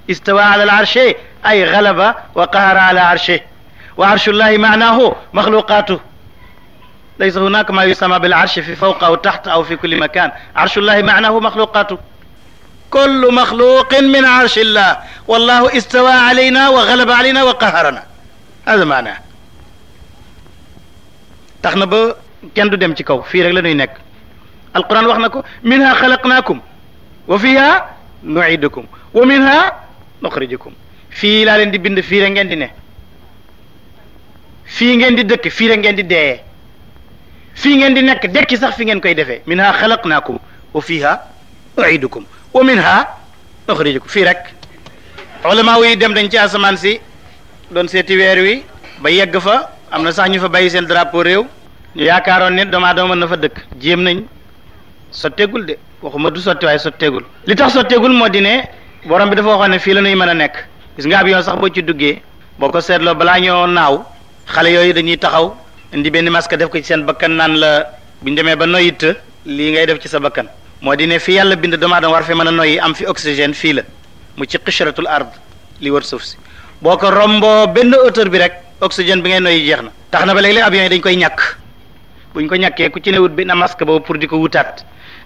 istawa ala al arche ay galaba wa qahara ala arche wa arshullahi maanaahu maxluqaatu laysa hunaka ma yusama bil arche fi fawqa aw taxta aw fi kulli makan arshullahi maanaahu maxluqaatu kullu maxluqin min arshillah wallahu istawa alayna wa galaba alayna wa qaharana hada maanaa tax na ba kenn du dem ci kaw fii rek la ñuy nekk alquran wax na ko minha xalaqnaakum wa fiha nuidukum wa minha nuxrijukum fii laa leen di bind fii rek ngeen di ne fii ngeen di dëkk fii rek ngeen di deeyee fii ngeen di nekk dekki sax fi ngeen koy defee minha xalaqnaakum wa fiha nuidukum wa minha fii rek ulama yi dem dañ ci asamaan si doon seeti weer wi ba yegg fa am na sax fa bàyyi seen drapeau réew ñu yaakaaroon ne doomu aadama mën na fa dëkk jéem nañ sotteegul de waxuma du sotti waaye sotteegul li tax sotteegul moo di ne borom bi dafa waxoon ne fii la ñuy mën a nekk gis nga ab yoon sax boo ci duggee boo ko seetloo balaa ñoo naaw xale yooyu dañuy taxaw indi benn masque def ko ci seen bakkan naan la bu ñu demee ba noyyit lii ngay def ci sa bakkan moo di fii yàlla bind doomu aadama war fi mën a noyyi am fi oxygène fii la mu ci qishratul ard li wër suuf si boo ko romboo benn hauteur bi rek oxygène bi ngay noyyi jeex na tax na ba léeg-léeg dañ koy ñàkk buñ ko ñàkkee ku ci newut bi na masque boobu pour di ko wutaat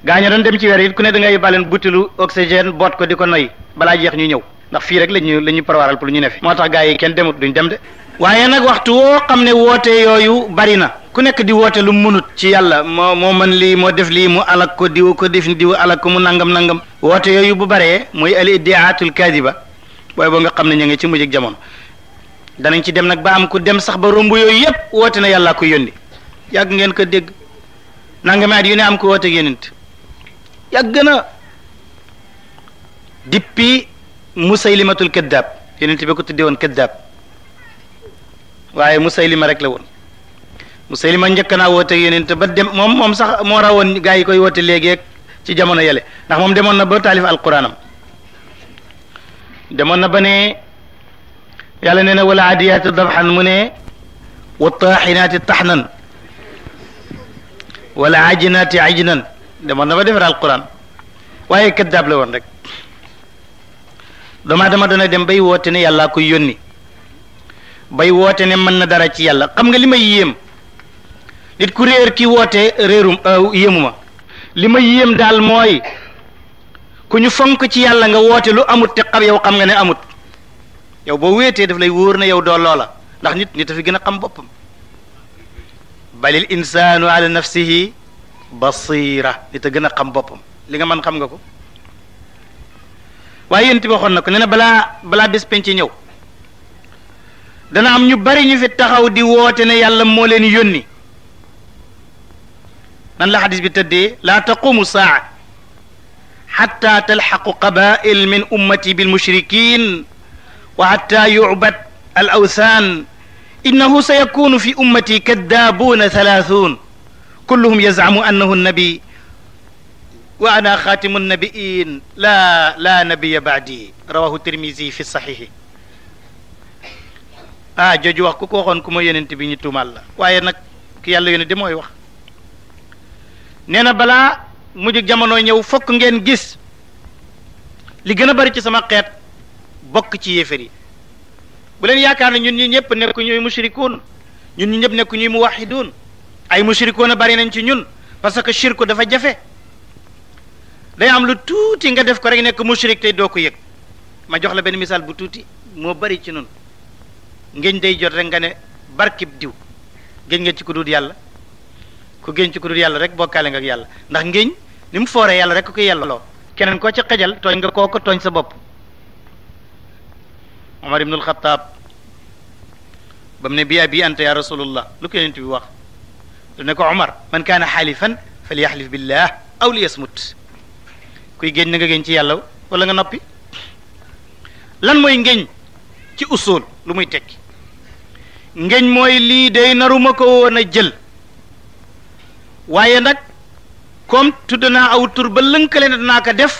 gaañu doon dem ci weer it ku ne da ngay butilu oxygène boot ko di ko noy balaa jeex ñu ñëw ndax fii rek lañu la ñu prévoiral pour ñu ne fi moo tax gars yi kenn demut duñ dem de waaye nag waxtu woo xam ne woote yooyu bari na ku nekk di woote lu mënut ci yàlla moo moo mën lii moo def lii mu alak ko diw ko def diw alak ko mu nangam nangam woote yooyu bu baree muy al idiaatul kadiba booy boo nga xam ne ñu ngi ci mujj ak jamono ci dem nag ba ku dem sax ba romb yooyu yépp woote na yàllaa ko yónni yàgg ngeen ko dégg nangami at yu ne am ko woote yonent yàgg na dippi musaylimatul kaddaab yonent bi ko tuddee woon kaddaab waaye musaylima rek la woon musaylima njëkk naa woote yonent ba dem moom moom sax moo rawoon gaa yi koy woote léegi ci jamono yele ndax moom demoon na ba taalif alquranam demoon na ba ne yàlla nee na wala adiyaati dabxan mu ne wa taaxinaati taxnan wala ajinaati ajinan demoon na ba defar alquran waaye kaddaab la woon rek dama aadama dana dem bay woote ne yàllaa koy yónni bay woote ne mën na dara ci yàlla xam nga li may yéem nit ku réer ki woote réerum euh, yéemuma li ma yéem daal mooy ku ñu fonk ci yàlla nga woote lu amut te xam yow xam nga ne amut yow boo wéetee daf lay wóor na yow doo loola ndax nit nit a fi gën a xam boppam balil insaanu ala nafsihi basira nit a gën a xam boppam li nga mën xam nga ko waaye yéen tamit waxoon ko nee na balaa balaa bés penc ñëw am ñu bari ñu fi taxaw di woote ne yàlla moo leen yónni nan la xadis bi tëddee laa taqumu saa xatta talxaqu qabail min ummati bilmushrikin wa xatta yucbad al awsaan innahu sa yakunu fi ummati kaddaabuna thalaathuun kulluhum yazaamu annahu nabi wa ana xaatimu nabiin laa laa nabiya baadi rawahu tirmisi fi saxiixi ah jooju wax ku ko waxoon ku ma yonent bi ñu tuumaal la waaye nag ki yàlla yónni di mooy wax nee na balaa mujj jamono ñëw fokk ngeen gis li gën a bari ci sama xeet bokk ci yéefar yi bu leen yaakaar ne ñun ñi ñëpp nekku ñuy mushrikuun ñun ñi ñëpp nekku ñuy muwaxiduun ay mushrikuun a bari nañ ci ñun parce que shirku dafa jafe day am lu tuuti nga def ko rek nekk mushrik tey doo ko yëg ma jox la benn misaal bu tuuti moo bari ci nun ngeen day jot rek nga ne barkib diw géñ nga ci ku dul yàlla ku géñ ci ku dul yàlla rek bokkaale nga yàlla ndax ngéñ ni mu fooree yàlla rekk ku yàlla loo keneen koo ci xajal tooñ nga koo ko tooñ sa bopp omar ibnul xataab ba mu ne bi abi anta ya rasulullah ko wax lu ne ko omar man kaana xaalifan aw li yasmut kuy géñ na nga ci yàlla wala nga noppi lan mooy ngéñ ci usul lu muy tekki ngéñ mooy lii day naruma ko woon jël waaye nag comme tudd naa aw tur ba lënkale na dinaa ko def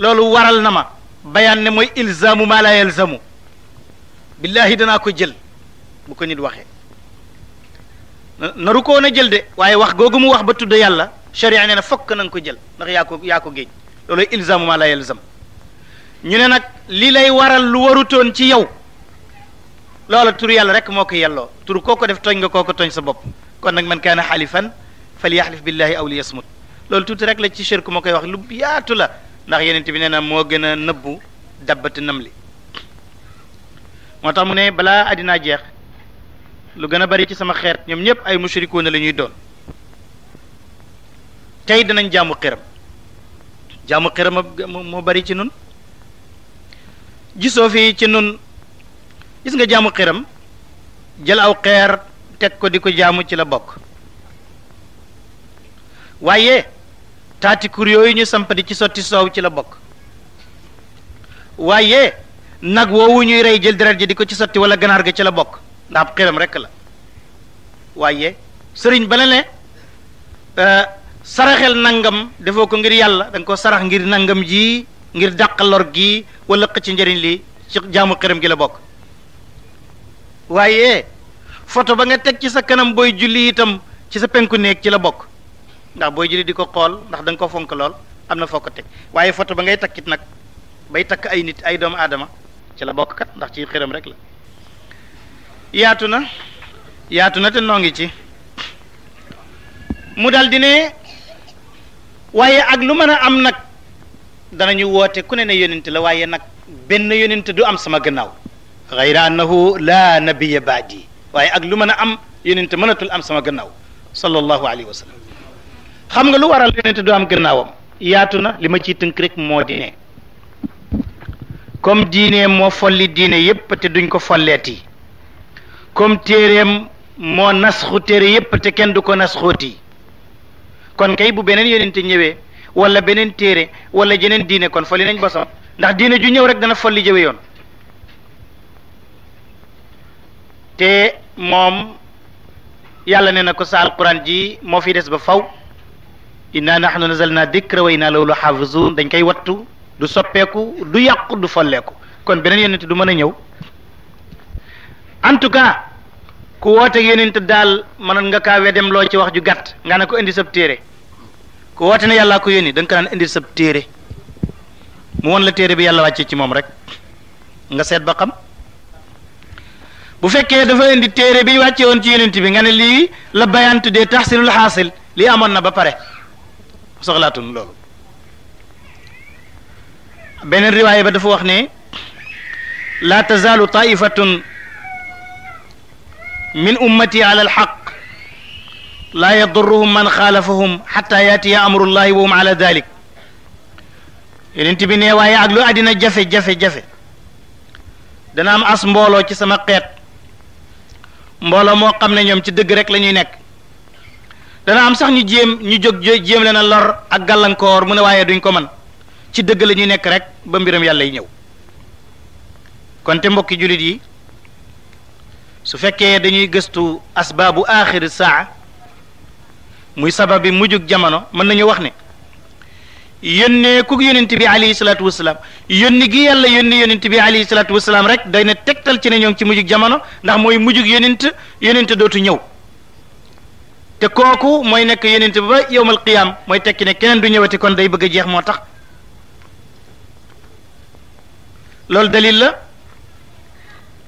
loolu waral na ma bayaan ne mooy ilzaamu maa laa yalzamu billaahi danaa ko jël bu ko nit waxee naru koon a jël de waaye wax googu mu wax ba tudd yàlla sharia nee na fokk na ko jël ndax yaa ko yaa ko géej loolu ilzaamu ma la yelzam ñu ne nag li lay waral lu warutoon ci yow loola tur yàlla rek moo ko yelloo tur koo ko def tooñ nga kooko tooñ sa bopp kon nag man kaana xalifan falyaxlif billahi aw liyasmut loolu tuuti rek la ci shirk moo koy wax lu yaatu la ndax yeneen bi nee na moo gën a nëbbu dabbati li moo tax mu ne balaa àddinaa jeex lu gën a bari ci sama xeer ñoom ñëpp ay mushrikuuna la ñuy doon tey dinañ jaamu xiram jaamu xiram moo bari ci nun gisoo fii ci nun gis nga jàmm xiram jël aw xeer teg ko di ko jàmm ci la bokk waaye taati kur yooyu ñu samp ci sotti soow ci la bokk waaye nag woowu ñuy rey jël deret ji di ko ci sotti wala ganaar ga ci la bokk ndax ab xiram rekk la waaye sëriñ ba ne ne euh, saraxel nangam defoo ko ngir yàlla da nga ko sarax ngir nangam ji ngir dàq lor gi wala xëcc njariñ li ci jaamu xiram gi la bokk waaye foto ba nga teg ci sa kanam booy julli itam ci sa penku néeg ci la bokk ndax booy julli di ko xool ndax da ko fonk lool am na foo ko teg waaye foto ba ngay takkit nag bay takk ay nit ay doomu aadama ci la bokk kat ndax ci xiram rek la yaatu na yaatu na te noo ngi ci mu dal di ne waaye ak lu mën a am nag danañu woote ku ne na yonent la waaye nag benn yonent du am sama gannaaw xayra annahu laa nabiya baadi waaye ak lu mën a am yonent mënatul am sama gannaaw sallallahu alayhi wa xam nga lu waral yonent du am gannaawam yaatu na li ma ciy tënk rek moo di ne comme diineem moo folli diine yépp te duñ ko folleeti comme téeréem moo nasxu téere yépp te kenn du ko nasxooti kon kay bu beneen yonente ñëwee wala beneen téere wala jeneen diine kon folli nañ bosam ndax diine ju ñëw rek dana folli jëwe yoon te moom yàlla ne na ko sa alquran ji moo fi des ba faw inna nahnu nazalna dikra wa inna lahu lahafizun dañ koy wattu du soppeeku du yàqu du folleeku kon beneen yonent du mën a ñëw en tout cas ku wootee yonent daal mënoon nga kaa weddem loo ci wax ju gàtt nga ne ko indi sab téere ku woote ne yàllaa ko yónni da nga ko indi sab téere mu won la téere bi yàlla wàccee ci moom rek nga seet ba xam bu fekkee dafa indi téere bi wàccee woon ci yonent bi nga ne lii la bayaan tuddee taxsilul xaasil lii amoon na ba pare soxlaatun loolu beneen riwaay ba dafa wax ne laa tazaalu taifatun min ummati ala alxaq laa yadurruhum man xaalafahum xata yaatiya amrullahi wa hum ala dalik yenent bi ne waaye ak lu àddina jafe-jafe-jafe dana am as mbooloo ci sama xeet mbooloo moo xam ne ñoom ci dëgg rek la ñuy nekk dana am sax ñu jéem ñu jóg jéem leen a lor ak gàllankoor mu ne waaye duñ ko mën ci dëgg la ñuy nekk rek ba mbiram yàlla yi ñëw kon te mbokki jullit yi su fekkee dañuy gëstu asbaabu aaxiri saa muy sabab bi mujjug jamono mën nañu wax ne yónnee ku yónent bi alayhi salaatu wasalaam yónni gi yàlla yónni yónent bi alayhi salaatu wasalaam rek day na tegtal ci ne ñoo ci mujjug jamono ndax mooy mujjug yónent yónent dootu ñëw te kooku mooy nekk yónent ba yowmal qiyaam mooy tekki ne keneen du ñëwati kon day bëgg a jeex moo tax loolu dalil la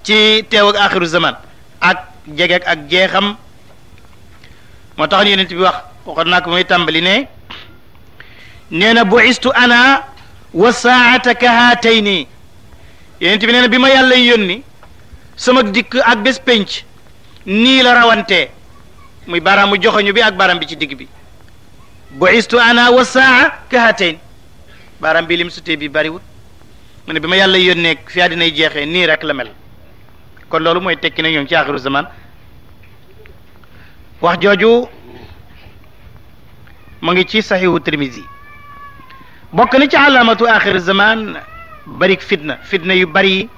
ci teew ak zaman ak jege ak jeexam moo tax yonent bi wax waxoon naa ko muy tàmbali ne nee na bu istu ana wa saata ka haatayni yonent bi nee na bi ma yàlla yónni sama dikk ak bés pénc nii la rawante muy baaraamu joxoñu bi ak baaraam bi ci digg bi bu istu ana wa saa ka haatayn baaraam bi lim bi bariwut mu ne bi ma yàlla nekk fi àddinay jeexee nii rek la mel kon loolu mooy tekki na ñoom ci axiru zaman wax jooju mu ngi ci saxihu tirmisi bokk na ci alaamatu axiru zaman bari fitna fitna yu bari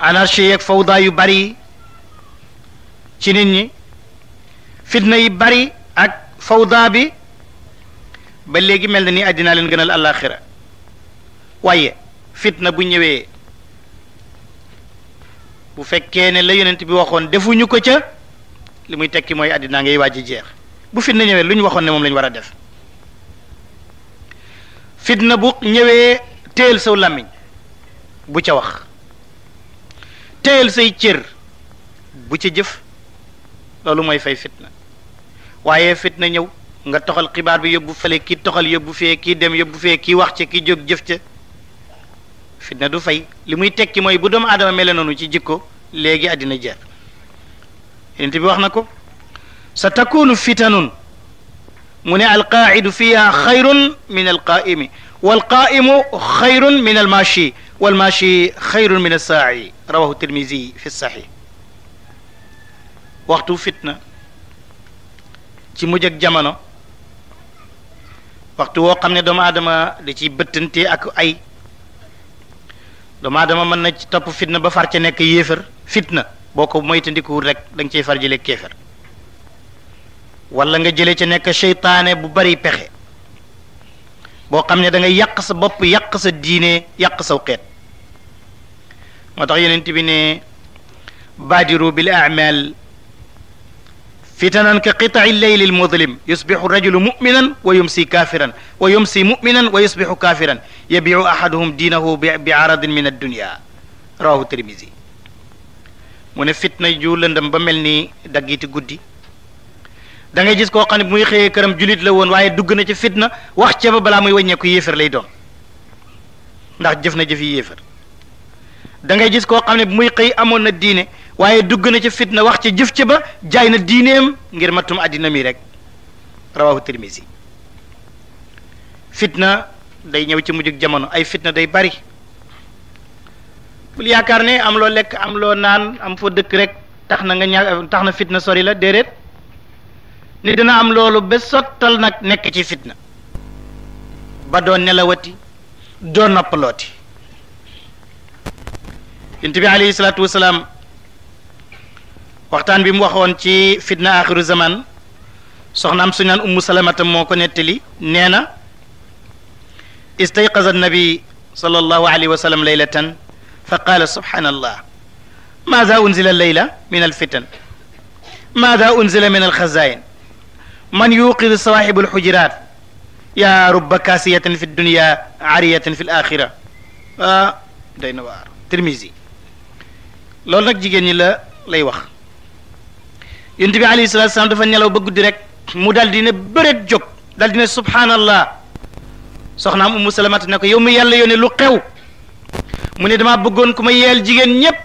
anarchie yeeg fawda yu bari ci nit ñi fitna yu bari ak fawda bi ba léegi mel na ni àddinaa leen gënal àllaaxira waaye fitna bu ñëwee bu fekkee ne la yonent bi waxoon defuñu ko ca li muy tekki mooy àddina ngay waaj jeex bu fitna ñëwee lu ñu waxoon ne moom lañu war a def fitna bu ñëwee téyel saw làmmiñ bu ca wax téyel say cër bu ca jëf loolu mooy fay fitna waaye fitna ñëw nga toxal xibaar bi yóbbu fële kii toxal yóbbu fee kii dem yóbbu fee kii wax ca kii jóg jëf ca fitna du fay li muy tekki mooy bu doomu aadama mele noonu ci jikko léegi àddina jeex yonent bi wax ko sa takunu fitanun mu ne alqaa'idu fiha xayrun min alqaa'imi walqaa'imu xayrun min almaashi walmaashi xayrun min assaa'i rawahu tirmisi fi saxix waxtu fitna ci mujj ak jamono waxtu woo xam ne doomu aadama da ciy bëttante ak ay doomu aadama mën na ci topp fitna ba far ce nekk yéefar fitna boo ko moytandikuwul rek da nga far jëlee kéefar wala nga jëlee ca nekk seytaane bu bari pexe boo xam ne da nga yàq sa bopp yàq sa diine yàq sa xeet moo tax yonent bi ne baadiru bil amal fitanan ka qitaai leyli almudlim yusbixu rajulu muminan wa yumsi kaafiran wa yumsi muminan wa yusbixu kaafiran yabiu ahaduhum diinahu bi aradin min addunia rawahu tirmisi mu ne fitna ju lëndëm ba mel ni daggiti guddi da ngay koo xam ne muy xëyee këram julit la woon waaye dugg na ci fitna wax ca ba balaa muy lay doon ndax jëf na jëf yi yéefar gis koo ne muy xëy amoon na diine waaye dugg na ci fitna wax ca jëf ca jaay na diineem ngir mattum àddina mi rek rawahu tirmisi fitna day ñëw ci mujjug jamono ay fitna day bari bul yaakaar ne am loo lekk am loo naan am foo dëkk rek tax na nga ña tax na fitna sori la déedéet ni dina am loolu ba sottal nag nekk ci fitna ba doon nelawati doo noppalooti yonent bi alayhi salaatu wasalaam waxtaan bi mu waxoon ci fitna axiru zaman soxnaam suñu naan ummu salamata moo ko nettali nee na استيقظ النبي صلى الله عليه وسلم ليلة فقال سبحان الله ماذا أنزل الليلة من الفتن ماذا أنزل من الخزائن من يوقظ صواحب الحجرات يا رب كاسية في الدنيا عارية في الآخرة آه day na waar Tirmizi loolu nag jigéen ñi la lay wax yonent bi alayhi salaatu salaam dafa nelaw ba guddi rek mu dal di ne bëreet jóg dal di ne subhanallah soxnaam umu salamata na ko yow mi yàlla yónnee lu xew mu ne dama bëggoon ku ma yeel jigéen ñépp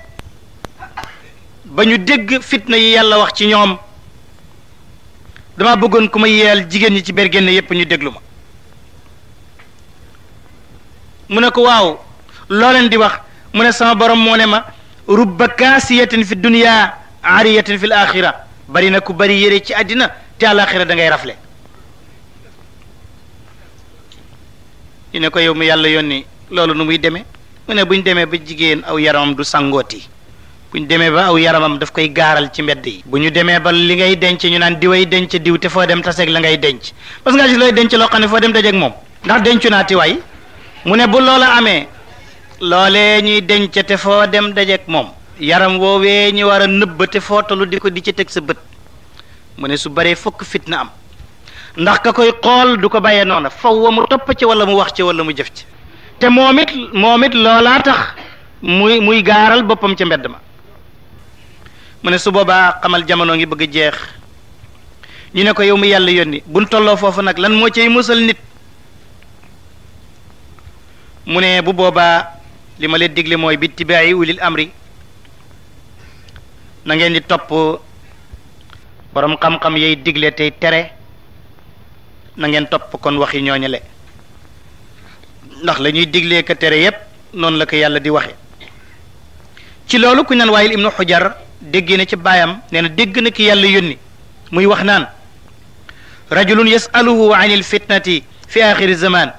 ba ñu dégg fitna yi yàlla wax ci ñoom dama bëggoon ku ma yeel jigéen ñi ci bergenne yépp ñu déglu ma mu ne ko waaw loo leen di wax mu ne sama borom moo ne ma rubba kaasiyatin fi dunya ariyatin fi l axira bari na ku bari yére ci àddina te àlaxira da ngay rafle ñu ne ko yow mi yàlla yónni loolu nu muy demee mu ne bu ñu demee ba jigéen aw yaramam du sangooti bu ñu demee ba aw yaramam daf koy gaaral ci mbedd yi. bu ñu demee ba li ngay denc ñu naan diway denc diw te foo dem taseeg la ngay denc parce que nga looy denc loo xam ne foo dem dajeeg moom ndax dencu naa ti mu ne bu loola amee loolee ñuy denc te foo dem dajeeg moom. yaram woowee ñu war a nëbb te footalu di ko di ci teg sa bët mu ne su baree fokk fitna am. ndax ka koy xool du ko bàyyee noona faw wa mu topp ci wala mu wax ci wala mu jëf ci te moom it moom it loolaa tax muy muy gaaral boppam ca mbedd ma mu ne su boobaa xamal jamono ngi bëgg a jeex ñu ne ko yow mu yàlla yónni buñ tolloo foofu nag lan moo cay musal nit mu ne bu boobaa li ma leen digle mooy bi tibaayi ulil amri na ngeen di topp boroom xam-xam yay digle tey tere na ngeen topp kon waxi ñooñale ndax la lañuy diglee ka tere yépp noonu la ko yàlla di waxe ci loolu ku naan way ibnu xujar déggee na ci baayam nee na dégg na ki yàlla yónni muy wax naan rajulun yasaluhu an ilfitnati fi axiri zaman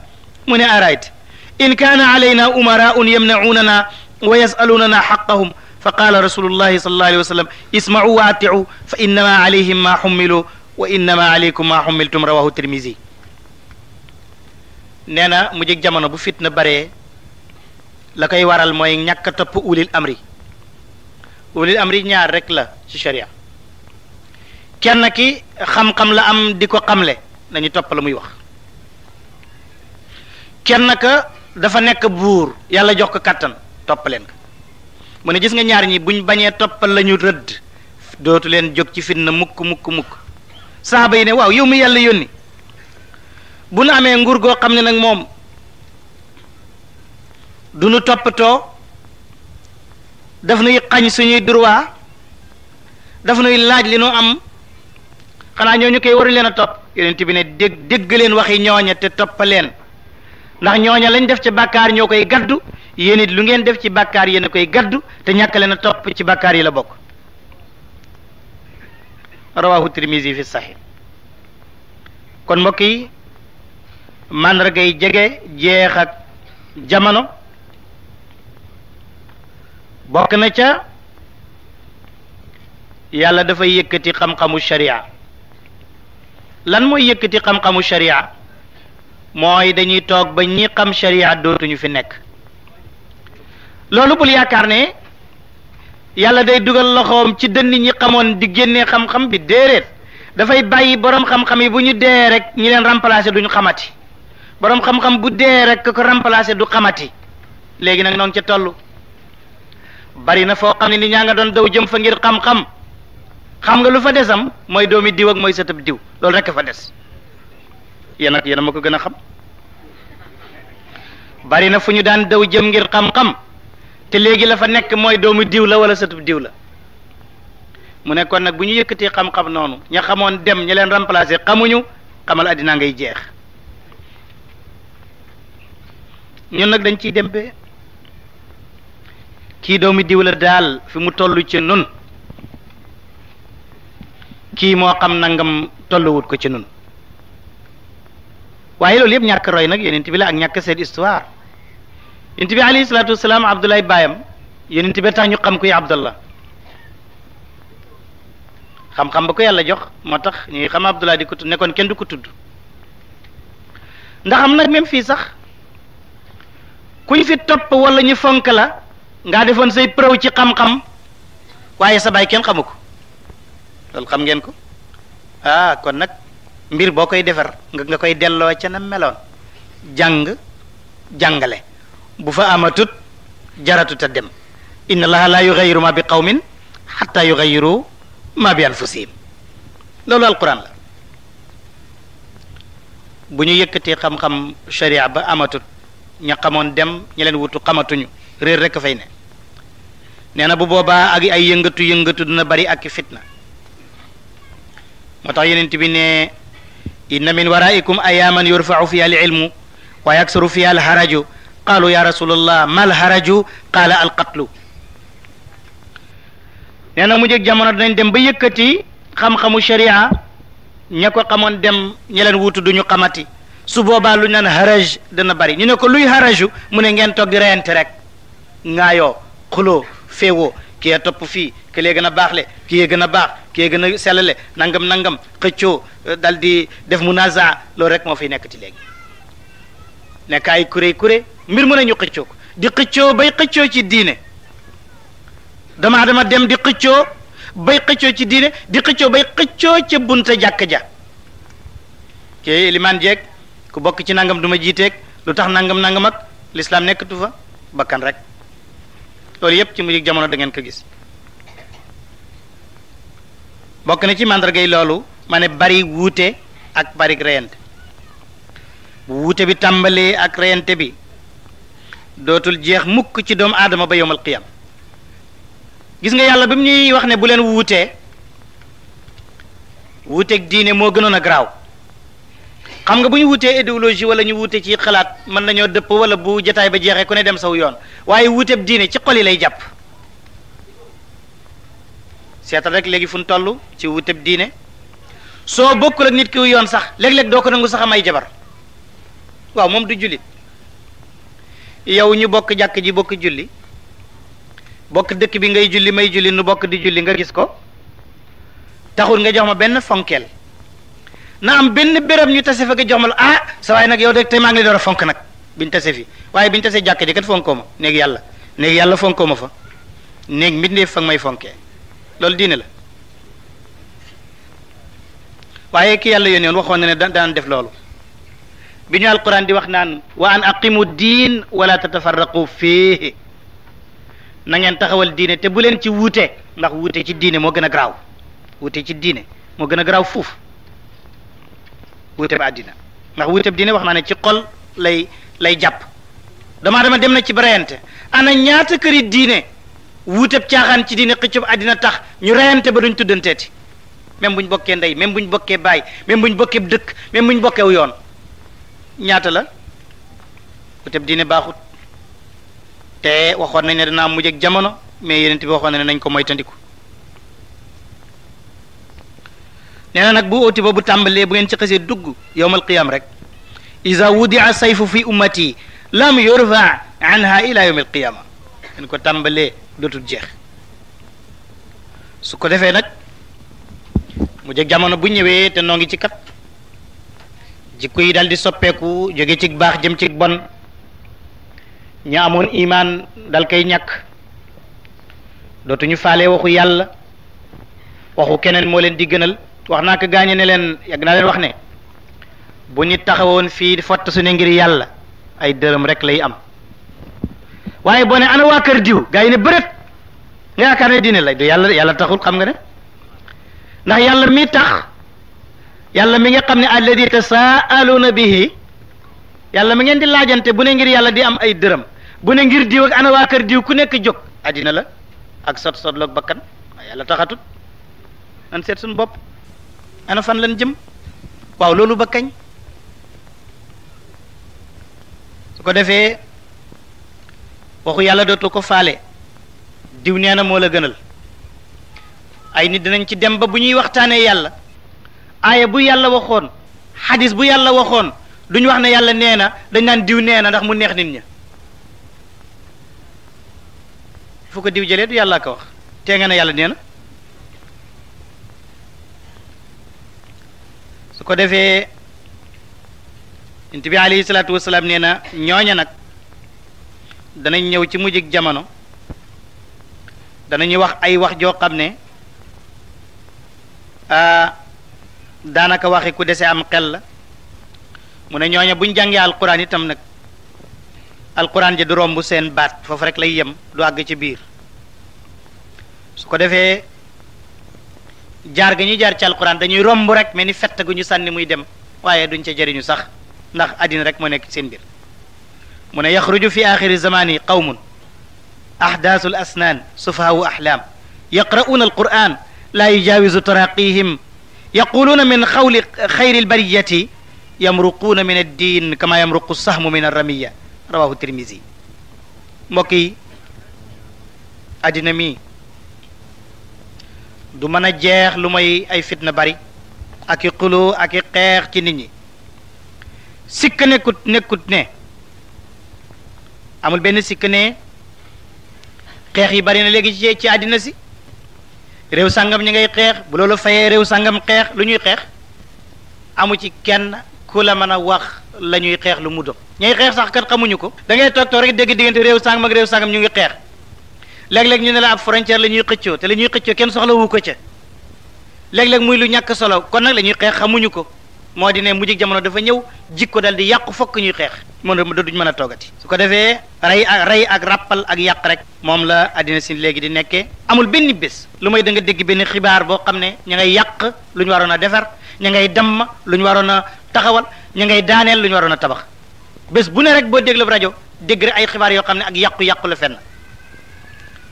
mu ne arayt in kaana alayna umaraun yamnaunana wa yasalunana xaqahum fa qaala rasulullahi sallallahu alayhi wa sallam fa innama alayhim ma xummilu wa innama aleykum ma xumiltum rawahu tirmisi nee na mu jëg jamono bu fitna baree la koy waral mooy ñàkk a topp ulil amri ulil amri ñaar rek la ci sharia kenn ki xam-xam la am di ko xamle nañu topp la muy wax kenn ka dafa nekk buur yàlla jox ko kàttan topp leen ko mu ne gis nga ñaar ñi buñ bañee toppal la ñu rëdd dootu leen jóg ci fitna mukk mukk mukk saxaaba yi ne waaw yow mi yàlla yónni bu nu amee nguur goo xam ne nag moom du nu toppatoo daf nuy xañ suñuy droit daf nuy laaj li nu am xanaa ñoo ñu koy waruñ leen a topp yonent bi ne dégg dégg leen waxi ñooña te toppa leen ndax ñoo ña lañ def ci bàkkaar ñoo koy gaddu yéen it lu ngeen def ci bàkkaar yéen a koy gàddu te ñàkk leen a topp ci bàkkaar yi la bokk rawahu tirmisi fi saxi kon mbokk màndargay jege jeex ak jamono bokk na ca yàlla dafay yëkkati xam-xamu sharia lan mooy yëkkati xam-xamu sharia mooy dañuy toog ba ñi xam sharia dootuñu fi nekk loolu bul yaakaar ne yàlla day dugal loxoom ci dënn ñi xamoon di génnee xam-xam bi déeréet dafay bàyyi boroom xam-xam yi bu ñu dee rek ñi leen remplacer duñu xamati boroom xam-xam bu dee rek ko remplacer du xamati léegi nag noonu ca tollu bari na foo xam ne ni ñaa nga doon daw jëm fa ngir xam-xam xam nga lu fa desam mooy doomi diw ak mooy sëtëb diw loolu rek fa des yéen ak yéen a ma ko gën a xam bari na fu ñu daan daw jëm ngir xam-xam. te léegi la fa nekk mooy doomu diw la wala sëtub diw la mu nekkoon nag bu ñu yëkkatee xam-xam noonu ña xamoon dem ña leen remplacer xamuñu xamal àddina ngay jeex ñun nag dañ ci dem be kii doomu diw la daal fi mu toll ci nun kii moo xam nangam tolluwut ko ci nun waaye loolu yëpp ñàkk roy nag yeneen bi la ak ñàkk seen histoire yonent bi alayhi salaatu wasalaam abdullahi baayam yonent bi tax ñu xam kuy abdullah xam-xam ba ko yàlla jox moo tax ñuy xam abdullah di ko tudd nekkoon kenn du ko tudd ndax am na même fii sax kuñ fi topp wala ñu fonk la ngaa defoon say preuve ci xam-xam waaye sa baay kenn xamu ko loolu xam ngeen ko ah kon nag mbir boo koy defar nga nga koy delloo ce na meloon jàng jàngale bu fa amatut jaratut a dem inna allaha la yugayiru ma bi qawmin xatta yugayiru ma bi anfusihim loolu alquran la bu ñu yëkkatee xam-xam sharia ba amatut ña xamoon dem ña leen wutu xamatuñu réer rekk fay ne nee na bu boobaa ak ay yëngatu yëngatu dina bari ak fitna moo tax yenent bi ne inna min waraikum ayaaman yurfau fiha al ilmu wa yaksaru fiha al haraju qaalu ya rasulallah mal haraju qaala alqatlu nee na mu jëg jamono dinañ dem ba yëkkati xam-xamu sharia ña ko xamoon dem ña leen wuutu duñu xamati su boobaa lu ñu naan haraj dana bari ñu ne ko luy haraju mu ne ngeen toog di reyante rek ŋaayoo xuloo féewoo ki a topp fii ki gën a baax le ki yee gën a baax ki yee gën a sellale nangam nangam xëccoo dal di def munazaa loolu rek moo fi nekk ci léegi nekk ay kuré kuré mbir mu ne ñu xëccoo ko di xëccoo bay xëccoo ci diine dama dama dem di xëccoo bay xëccoo ci di xëccoo bay ca bunt jàkk ja kee limaan jeeg ku bokk ci nangam du jiiteek lu tax nangam nangam ak lislaam nekkatu fa bakkan rek loolu yépp ci mujj jamono da ngeen ko gis bokk na ci màndargay loolu ma ne bari wuute ak bari reyante bu wuute bi tàmbalee ak reyante bi dootul jeex mukk ci doomu aadama ba yowmal qiyam gis nga yàlla bi mu ñuy wax ne bu leen wuutee wuuteeg diine moo gënoon a garaaw xam nga bu ñu wutee idéologie wala ñu wuute ci xalaat mën nañoo dëpp wala bu jataay ba jeexee ku ne dem saw yoon waaye wuuteeb diine ci xol yi lay jàpp seetal rek léegi fu ñu toll ci wuuteeb diine soo bokk ak nit ki yoon sax léeg-léeg doo ko nangu sax am ay jabar waaw moom du jullit yow ñu bokk jàkk ji bokk julli bokk dëkk bi ngay julli may julli nu bokk di julli nga gis ko taxul nga jox ma benn fonkeel na am benn béréb ñu tase fa nga jox ma la ah sa nag yow de tey maa ngi door a fonk nag biñ tase fi waaye biñ tasee jàkk ji kat fonkoo ma néeg yàlla néeg yàlla fonkoo ma fa néeg mbindeef fa may fonkee loolu diine la waaye ki yàlla yónni woon waxoon na ne daan daan def loolu bi ñu alquran di wax naan wa an aqimu diin wala tatafarraqu fiihi na ngeen taxawal diine te bu leen ci wuute ndax wuute ci diine moo gën a garaaw wuute ci diine moo gën a garaaw fuuf wuute ba àddina ndax wuute bi diine wax naa ne ci xol lay lay jàpp dama dama dem na ci bareyante ana ñaata këri diine wuuteb caaxaan ci diine xëccub àddina tax ñu reyante ba duñ tuddanteeti bu ñu bokkee ndey bu ñu bokkee baay même buñ bokkee dëkk même buñ bokkee yoon ñaata la uteb diine baaxut te waxoon nañ ne dana am mujj jamono mais yeneen bi waxoon nañ ko moytandiku nee nag bu óoti ba bu tàmbalee bu ngeen ci xasee dugg yowmal qiyaam rek isa wudia sayfu fi ummati lam yurfa anha ila yowm al qiyaama ngeen ko tàmbalee dootul jeex su ko defee nag mujj ak jamono bu ñëwee te noo ngi ci kat jikko yi dal di soppeeku jóge ci baax jëm ci bon ña amoon imaan dal koy ñàkk dootuñu faale waxu yàlla waxu keneen moo leen di gënal wax naa ko gaañe ne leen yàgg naa leen wax ne bu ñu taxawoon fii fott su ne ngir yàlla ay dërëm rek lay am waaye boo ne ana waa kër diw gaa yi ne bërët nga yaakaar ne diine lay du yàlla yàlla taxul xam nga ne ndax yàlla mi tax yàlla mi nga xam ne alladi tasaaluuna bihi yàlla mi ngeen di laajante bu ne ngir yàlla di am ay dërëm bu ne ngir diw ak ana waa kër diw ku nekk jóg àddina la ak sot sot loog bakkan yàlla taxatut an seet suñu bopp ana fan lan jëm waaw loolu bakkañ su ko defee waxu yàlla dootu ko faale diw nee na moo la gënal ay nit dinañ ci dem ba bu ñuy waxtaanee yàlla aaya bu yàlla waxoon xadis bu yàlla waxoon duñ wax ne yàlla nee na dañ naan diw nee na ndax mu neex nit ña fu diw jële du yàlla ko wax tee nga ne yàlla nee su ko defee yonent bi alayhi salaatu nee na ñooña nag danañ ñëw ci mujjig jamono danañu wax ay wax joo xam ne ah, daanaka waxi ku dese am xel la mu ne ñooña buñ jàngee alquran tam nag alquran ji du romb seen baat foofu rek lay yem du àgg ci biir su ko defee jaar ga ñuy jaar ci alquran dañuy romb rek mel ni fett gu ñu sànni muy dem waaye duñ ca jariñu sax ndax àddina rek moo nekk seen biir mu ne yaxruju fi axiri zamani qawmun ahdaasu al asnaan sufahawu ahlaam yaqra'uuna alquran laa yujawisu taraqihim yaquluuna min xawli xayri lbariyati yamruquuna min addiin kama yamruqu sahmu min arramiya rawahu tirmisi mbokk yi àddina mi du mën a jeex lu may ay fitna bari ak i xuloo ak xeex ci nit ñi sikka nekkut nekkut ne amul benn sikk ne xeex yi bari na léegi ci ci àddina si réew sàngam ñi ngay xeex bu loolu fayee réew sàngam xeex lu ñuy xeex amu ci kenn ku la mën a wax la ñuy xeex lu mu do ñay xeex sax kat xamuñu ko da ngay toog toog dégg diggante réew sàngam ak réew sàngam ñu ngi xeex léeg-léeg ñu ne la ab frontière la ñuy xëccoo te la ñuy xëccoo kenn soxla wu ko ca léeg-léeg muy lu ñàkk solo kon nag lañuy xeex xamuñu ko moo di ne mujjug jamono dafa ñëw jikko dal di yàqu fokk ñuy xeex mën duñ mën a toggati su ko defee rey ak rey ak ràppal ak yàq rek moom la àddina si léegi di nekkee amul benn bés lu may danga dégg benn xibaar boo xam ne ña ngay yàq lu ñu waroon a defar ña ngay damm lu ñu waroon a taxawal ña ngay daaneel lu ñu waroon a tabax bés bu ne rek boo déglu rajo dégg ay xibaar yoo xam ne ak yàqu-yàqu la fenn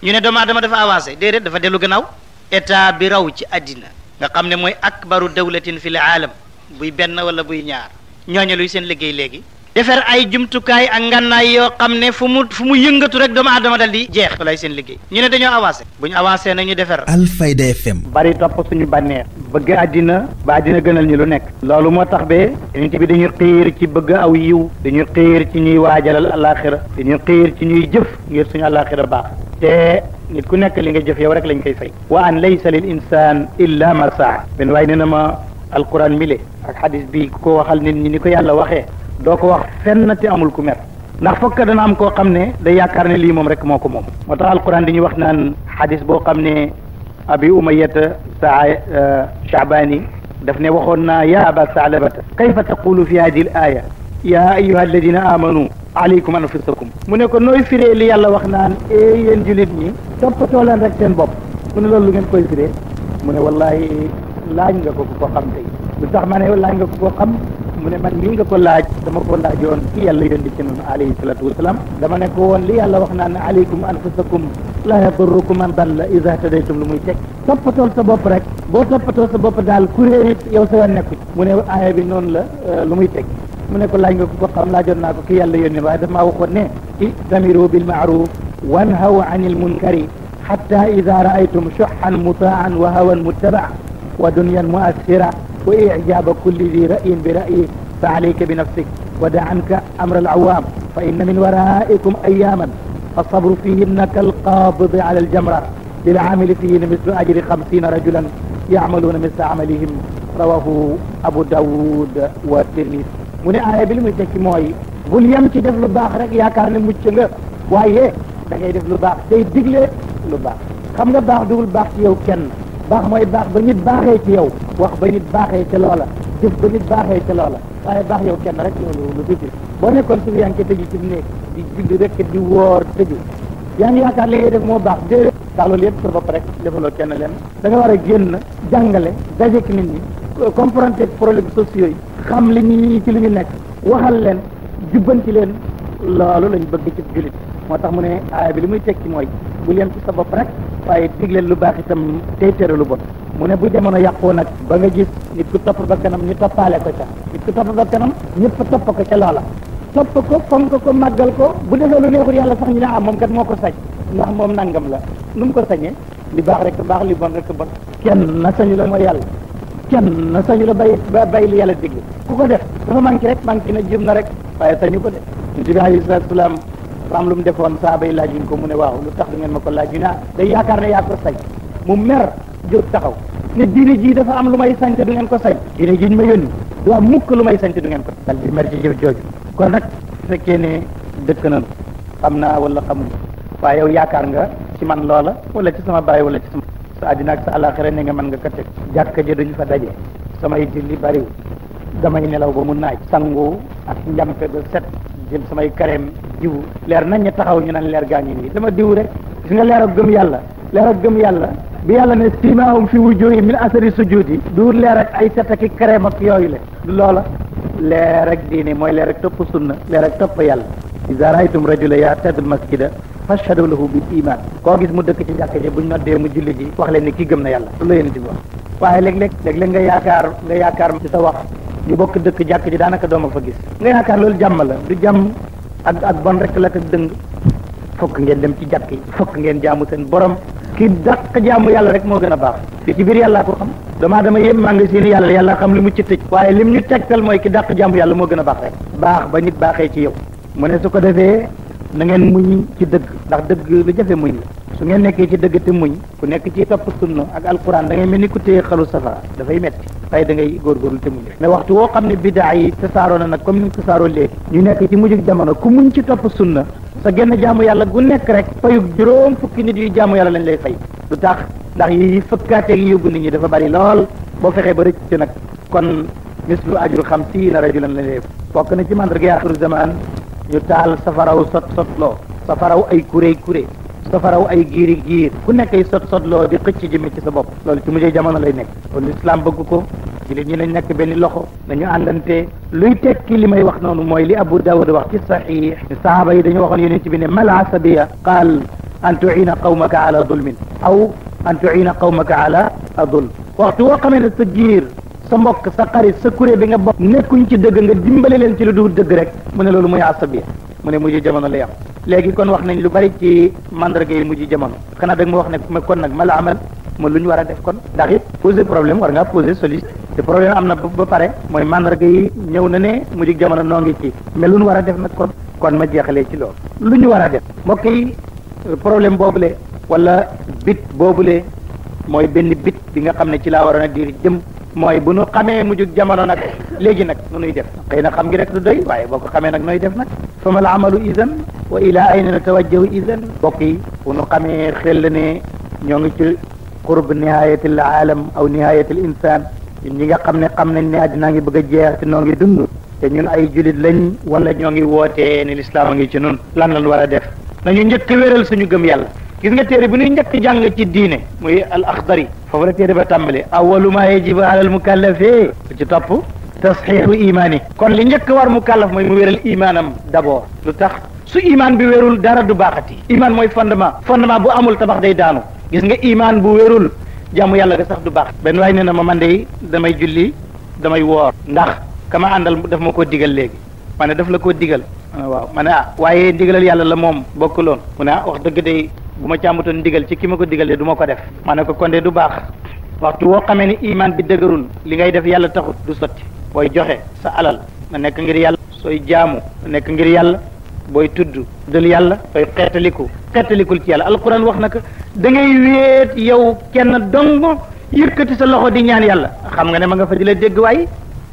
ñu ne doomu aadama dafa avancé déedéet dafa dellu gannaaw état bi raw ci àddina nga xam ne mooy akbaru dawlatin fil aalam buy benn wala buy ñaar ñooñu luy seen liggéey léegi. defar ay jumtukaay ak ngànnaay yoo xam ne fu mu fu mu yëngatu rek doomu aadama dal di jeex. walaay seen liggéey ñu ne dañoo avancé. bu ñu avancé nag ñu defar. Alfayda FM. bari topp suñu bànneex. bëgg àddina ba àddina gënal ñi lu nekk. loolu moo tax be nit bi dañuy xiir ci bëgg aw yiw. dañu xiir ci ñuy waajalal alaaxira. dañuy xiir ci ñuy jëf ngir suñu alaaxira baax. te nit ku nekk li nga jëf yow rek lañ koy fay. wa an laysa lil insaan illa alquran mile ak hadis bi ku ko wax al ñi ni ko yàlla waxee doo ko wax fenn te amul ku mer ndax fokk dana am koo xam ne day yaakaar ne lii moom rek moo ko moom moo tax alquran dañuy wax naan hadis boo xam ne abi umayata saa euh, shaabani daf ne waxoon naa ya aba saalabata kayfa taqulu fi hadi l aya ya ayuha alladina amanu aleykum anfusakum mu ne ko nooy firee li yàlla wax naan ee eh, yéen julit ñi toppatoo leen rek seen bopp mu ne loolu lu ngeen koy firee mu ne wallahi laaj nga ko ku ko xam tey lu tax ma ne yow laaj nga ko koo xam mu ne man mii nga ko laaj dama ko laajoon ki yàlla yónni ci noonu alayhi salatu wasalaam dama ne ko woon li yàlla wax naan alaykum anfusakum la yadurrukum man dalla iza tadaytum lu muy teg toppatool sa bopp rek boo toppatoo sa bopp daal kuréel it yow sa yoon nekku mu ne aaya bi noonu la euh, lu muy teg mu ne ko laaj nga ko ko xam laajoon naa ko ki yàlla yónni waaye daf maa waxoon ne i'tamiru bil ma'ruf wanhaw anil munkari hatta iza ra'aytum shuhhan muta'an wa hawan muttaba'an ودنيا مؤثرة وإعجاب كل ذي رأي برأيه فعليك بنفسك ودع عنك أمر العوام فإن من ورائكم أياما فالصبر فيهن كالقابض على الجمرة للعامل فيهن مثل أجر خمسين رجلا يعملون مثل عملهم رواه أبو داود والترمذي mu ne aaya bi li muy tekki mooy bul yem ci def lu baax rek yaakaar ne mucc nga waaye da ngay def lu baax tey digle lu baax xam nga baax dugul baax ci yow kenn baax mooy baax ba nit baaxee ci yow wax ba nit baaxee ci loola jëf ba nit baaxee ci loola waaye baax yow kenn rek loolu lu tuuti boo nekkoon suuf yaa ngi ci tëju si mu nekk di julli rek di woor tëju yaa ngi yaakaar li ngay def moo baax déedéet ndax loolu yëpp sa bopp rek defaloo kenn leen danga nga war a génn jàngale dajeek nit ñi confronté ak problème sociaux yi xam li ñuy ci li ñu nekk waxal leen jubbanti leen loolu lañ bëgg ci jullit moo tax mu ne aaya bi li muy tekki mooy bu leen sa bopp rek waaye digle lu baax itam tey tere lu bon mu ne bu jamono yàqoo nag ba nga gis nit ku topp ba kanam ñu toppaale ko ca nit ku topp ba kanam ñëpp topp ko ca loola topp ko fonk ko màggal ko bu defee lu neexul yàlla sax ñu ne ah moom kat moo ko sañ ndax moom nangam la nu mu ko sañee li baax rek baax li bon rek bon kenn na sañu la mooy yàlla kenn na sañu la bay bay li yàlla digle ku ko def dafa manqué rek manqué na jëm na rek waaye sañu ko def ñu dafa am lu mu defoon laaj yi laajuñ ko mu ne waaw lu tax du ngeen ma ko laaj ñu ne ah day yaakaar ne yaa ko sañ mu mer jóg taxaw ne diine jii dafa am lu may sañ te du ngeen ko sañ diine ma yónni du am mukk lu may sañ ngeen ko dal di mer ci jëf jooju kon nag su fekkee ne dëkk nanu xam naa wala xamul waaye yow yaakaar nga ci man loola wala ci sama baay wala ci sama sa àddina ak sa alaxira ne nga mën nga ko teg jàkka ja duñ fa daje samay julli bariwul damay nelaw ba mu naaj sangu ak njampe ba set jëm samay kareem jiwu leer nañ ñu taxaw ñu naan leer gaa ngi nii dama diw rek gis nga leer ak gëm yàlla leer ak gëm yàlla bi yàlla ne siimaahum fi wujuuhi min asari sujuudi duur leer ak ay tat ak kareem ak yooyu le du loola leer ak diine mooy leer ak topp sunna leer ak topp yàlla iza raaytum rajula ya'tadul masjida fashhadu lahu bil iman koo gis mu dëkk ci jàkka ji buñ noddee mu julli ji wax leen ni kii gëm na yàlla wax waaye léeg-léeg léeg-léeg nga yaakaar nga yaakaar ci sa wax ñu bokk dëkk jàkk ji daanaka dooma fa gis nga yaakaar loolu jàmm la du jàmm ak ak bon rek la ak dëng fokk ngeen dem ci jàkk yi fokk ngeen jaamu seen borom ki dàq jàmm yàlla rek moo gën a baax li ci biir yàllaa ko xam damaa dama yem maa nga seen yàlla yàlla xam li mu ci tëj waaye li lim ñu tegtal mooy ki dàq jàmm yàlla moo gën a baax rek baax ba nit baaxee ci yow mu ne su ko defee na ngeen muñ ci dëgg ndax dëgg lu jafe muñ la su ngeen nekkee ci dëgg te muñ ku nekk ci topp sunna ak alquran da ngay mel ni ku téye xalu safara dafay metti waaye da ngay góorgóorlu te muñ mais waxtu woo xam ne bidaa yi tasaaroo na nag comme ni mu tasaaroo léegi ñu nekk ci mujjug jamono ku muñ ci topp sunna sa genn jàmm yàlla gu nekk rek fayug juróom fukki nit yu jàmm yàlla lañ lay fay lu tax ndax yi fëkkaateeg yóbbu nit ñi dafa bari lool boo fexee ba rëcc nag kon mislu ajru xamsiina rajulan lañ lay bokk na ci mandarga ñu taal safaraw sot sotloo safaraw ay kuré kuré safaraw ay giiri giir ku nekk ay sot sotloo di xëcc jëme ci sa bopp loolu ci mujjee jamono lay nekk kon lislaam bëgg ko jullit ñi nañ nekk benn loxo nañu àndante luy tekki li may wax noonu mooy li Abu Dawud wax ci saxiix ne sahaaba yi dañu waxoon yonent bi ne mal asabiya qaal an tuina qawmaka ala dulmin aw an tuina qawmaka ala adulm waxtu woo xamee ne sa giir sa mbokk sa xarit sa kuré bi nga bokk nekkuñ ci dëgg nga dimbale leen ci lu dul dëgg rek mu ne loolu mooy asabiya mu ne mujj jamono lay am léegi kon wax nañ lu bari ci mandarga yi mujj jamono xanaa dag ma wax ne kon nag ma la amal ma lu ñu war a def kon ndax it poser problème war ngaa poser solution te problème am na ba pare mooy mandarga yi ñëw na ne mujj jamono noo ngi ci mais lu war a def nag kon kon ma jeexalee ci loolu lu ñu war a def mbokk yi problème boobule wala bit boobule mooy benn bit bi nga xam ne ci laa waroon a diir jëm mooy bu nu xamee mujjug jamono nag léegi nag nu nuy def xëy na xam ngi rek du doy waaye boo ko xamee nag nooy def nag fa mal amalu idan wa ila ayna natawajjahu idan bokk yi bu nu xamee xel ne ñoo ngi ci qurb nihayatil alam aw nihayatil insan ñun ñi nga xam ne xam nañ ne àddina ngi bëgg a jeex te noo te ñun ay julit lañ wala ñoo ngi wootee ni lislaam ngi ci nun lan lan war a def nañu njëkk wéral suñu gëm yàlla gis nga téere bi ñuy njëkk jàng ci diine muy al axdari foofu la téere ba tàmbale awalu ma yajibu alal mukallafi ci topp tasxiixu imaani kon li njëkk war mukallaf mooy mu wéral imaanam d'abord lu tax su imaan bi wérul dara du baaxati imaan mooy fondement fondement bu amul tabax day daanu gis nga imaan bu wérul jàmm yàlla ga sax du baax benn waaye nee na ma man de damay julli damay woor ndax kama àndal daf ma koo digal léegi ma ne daf la koo digal ma ne ah, waaw bu ma ci digal ci ki ma ko digalee du ma ko def ma ne ko kon de du baax waxtu woo xamee ni iman bi dëgërul li ngay def yàlla taxut du sotti booy joxe sa alal na nekk ngir yàlla sooy jaamu nekk ngir yàlla booy tudd dul yàlla sooy xeetaliku xeetalikul ci yàlla alquran wax na ko da ngay wéet yow kenn dong yëkkati sa loxo di ñaan yàlla xam nga ne ma nga fa di la dégg waaye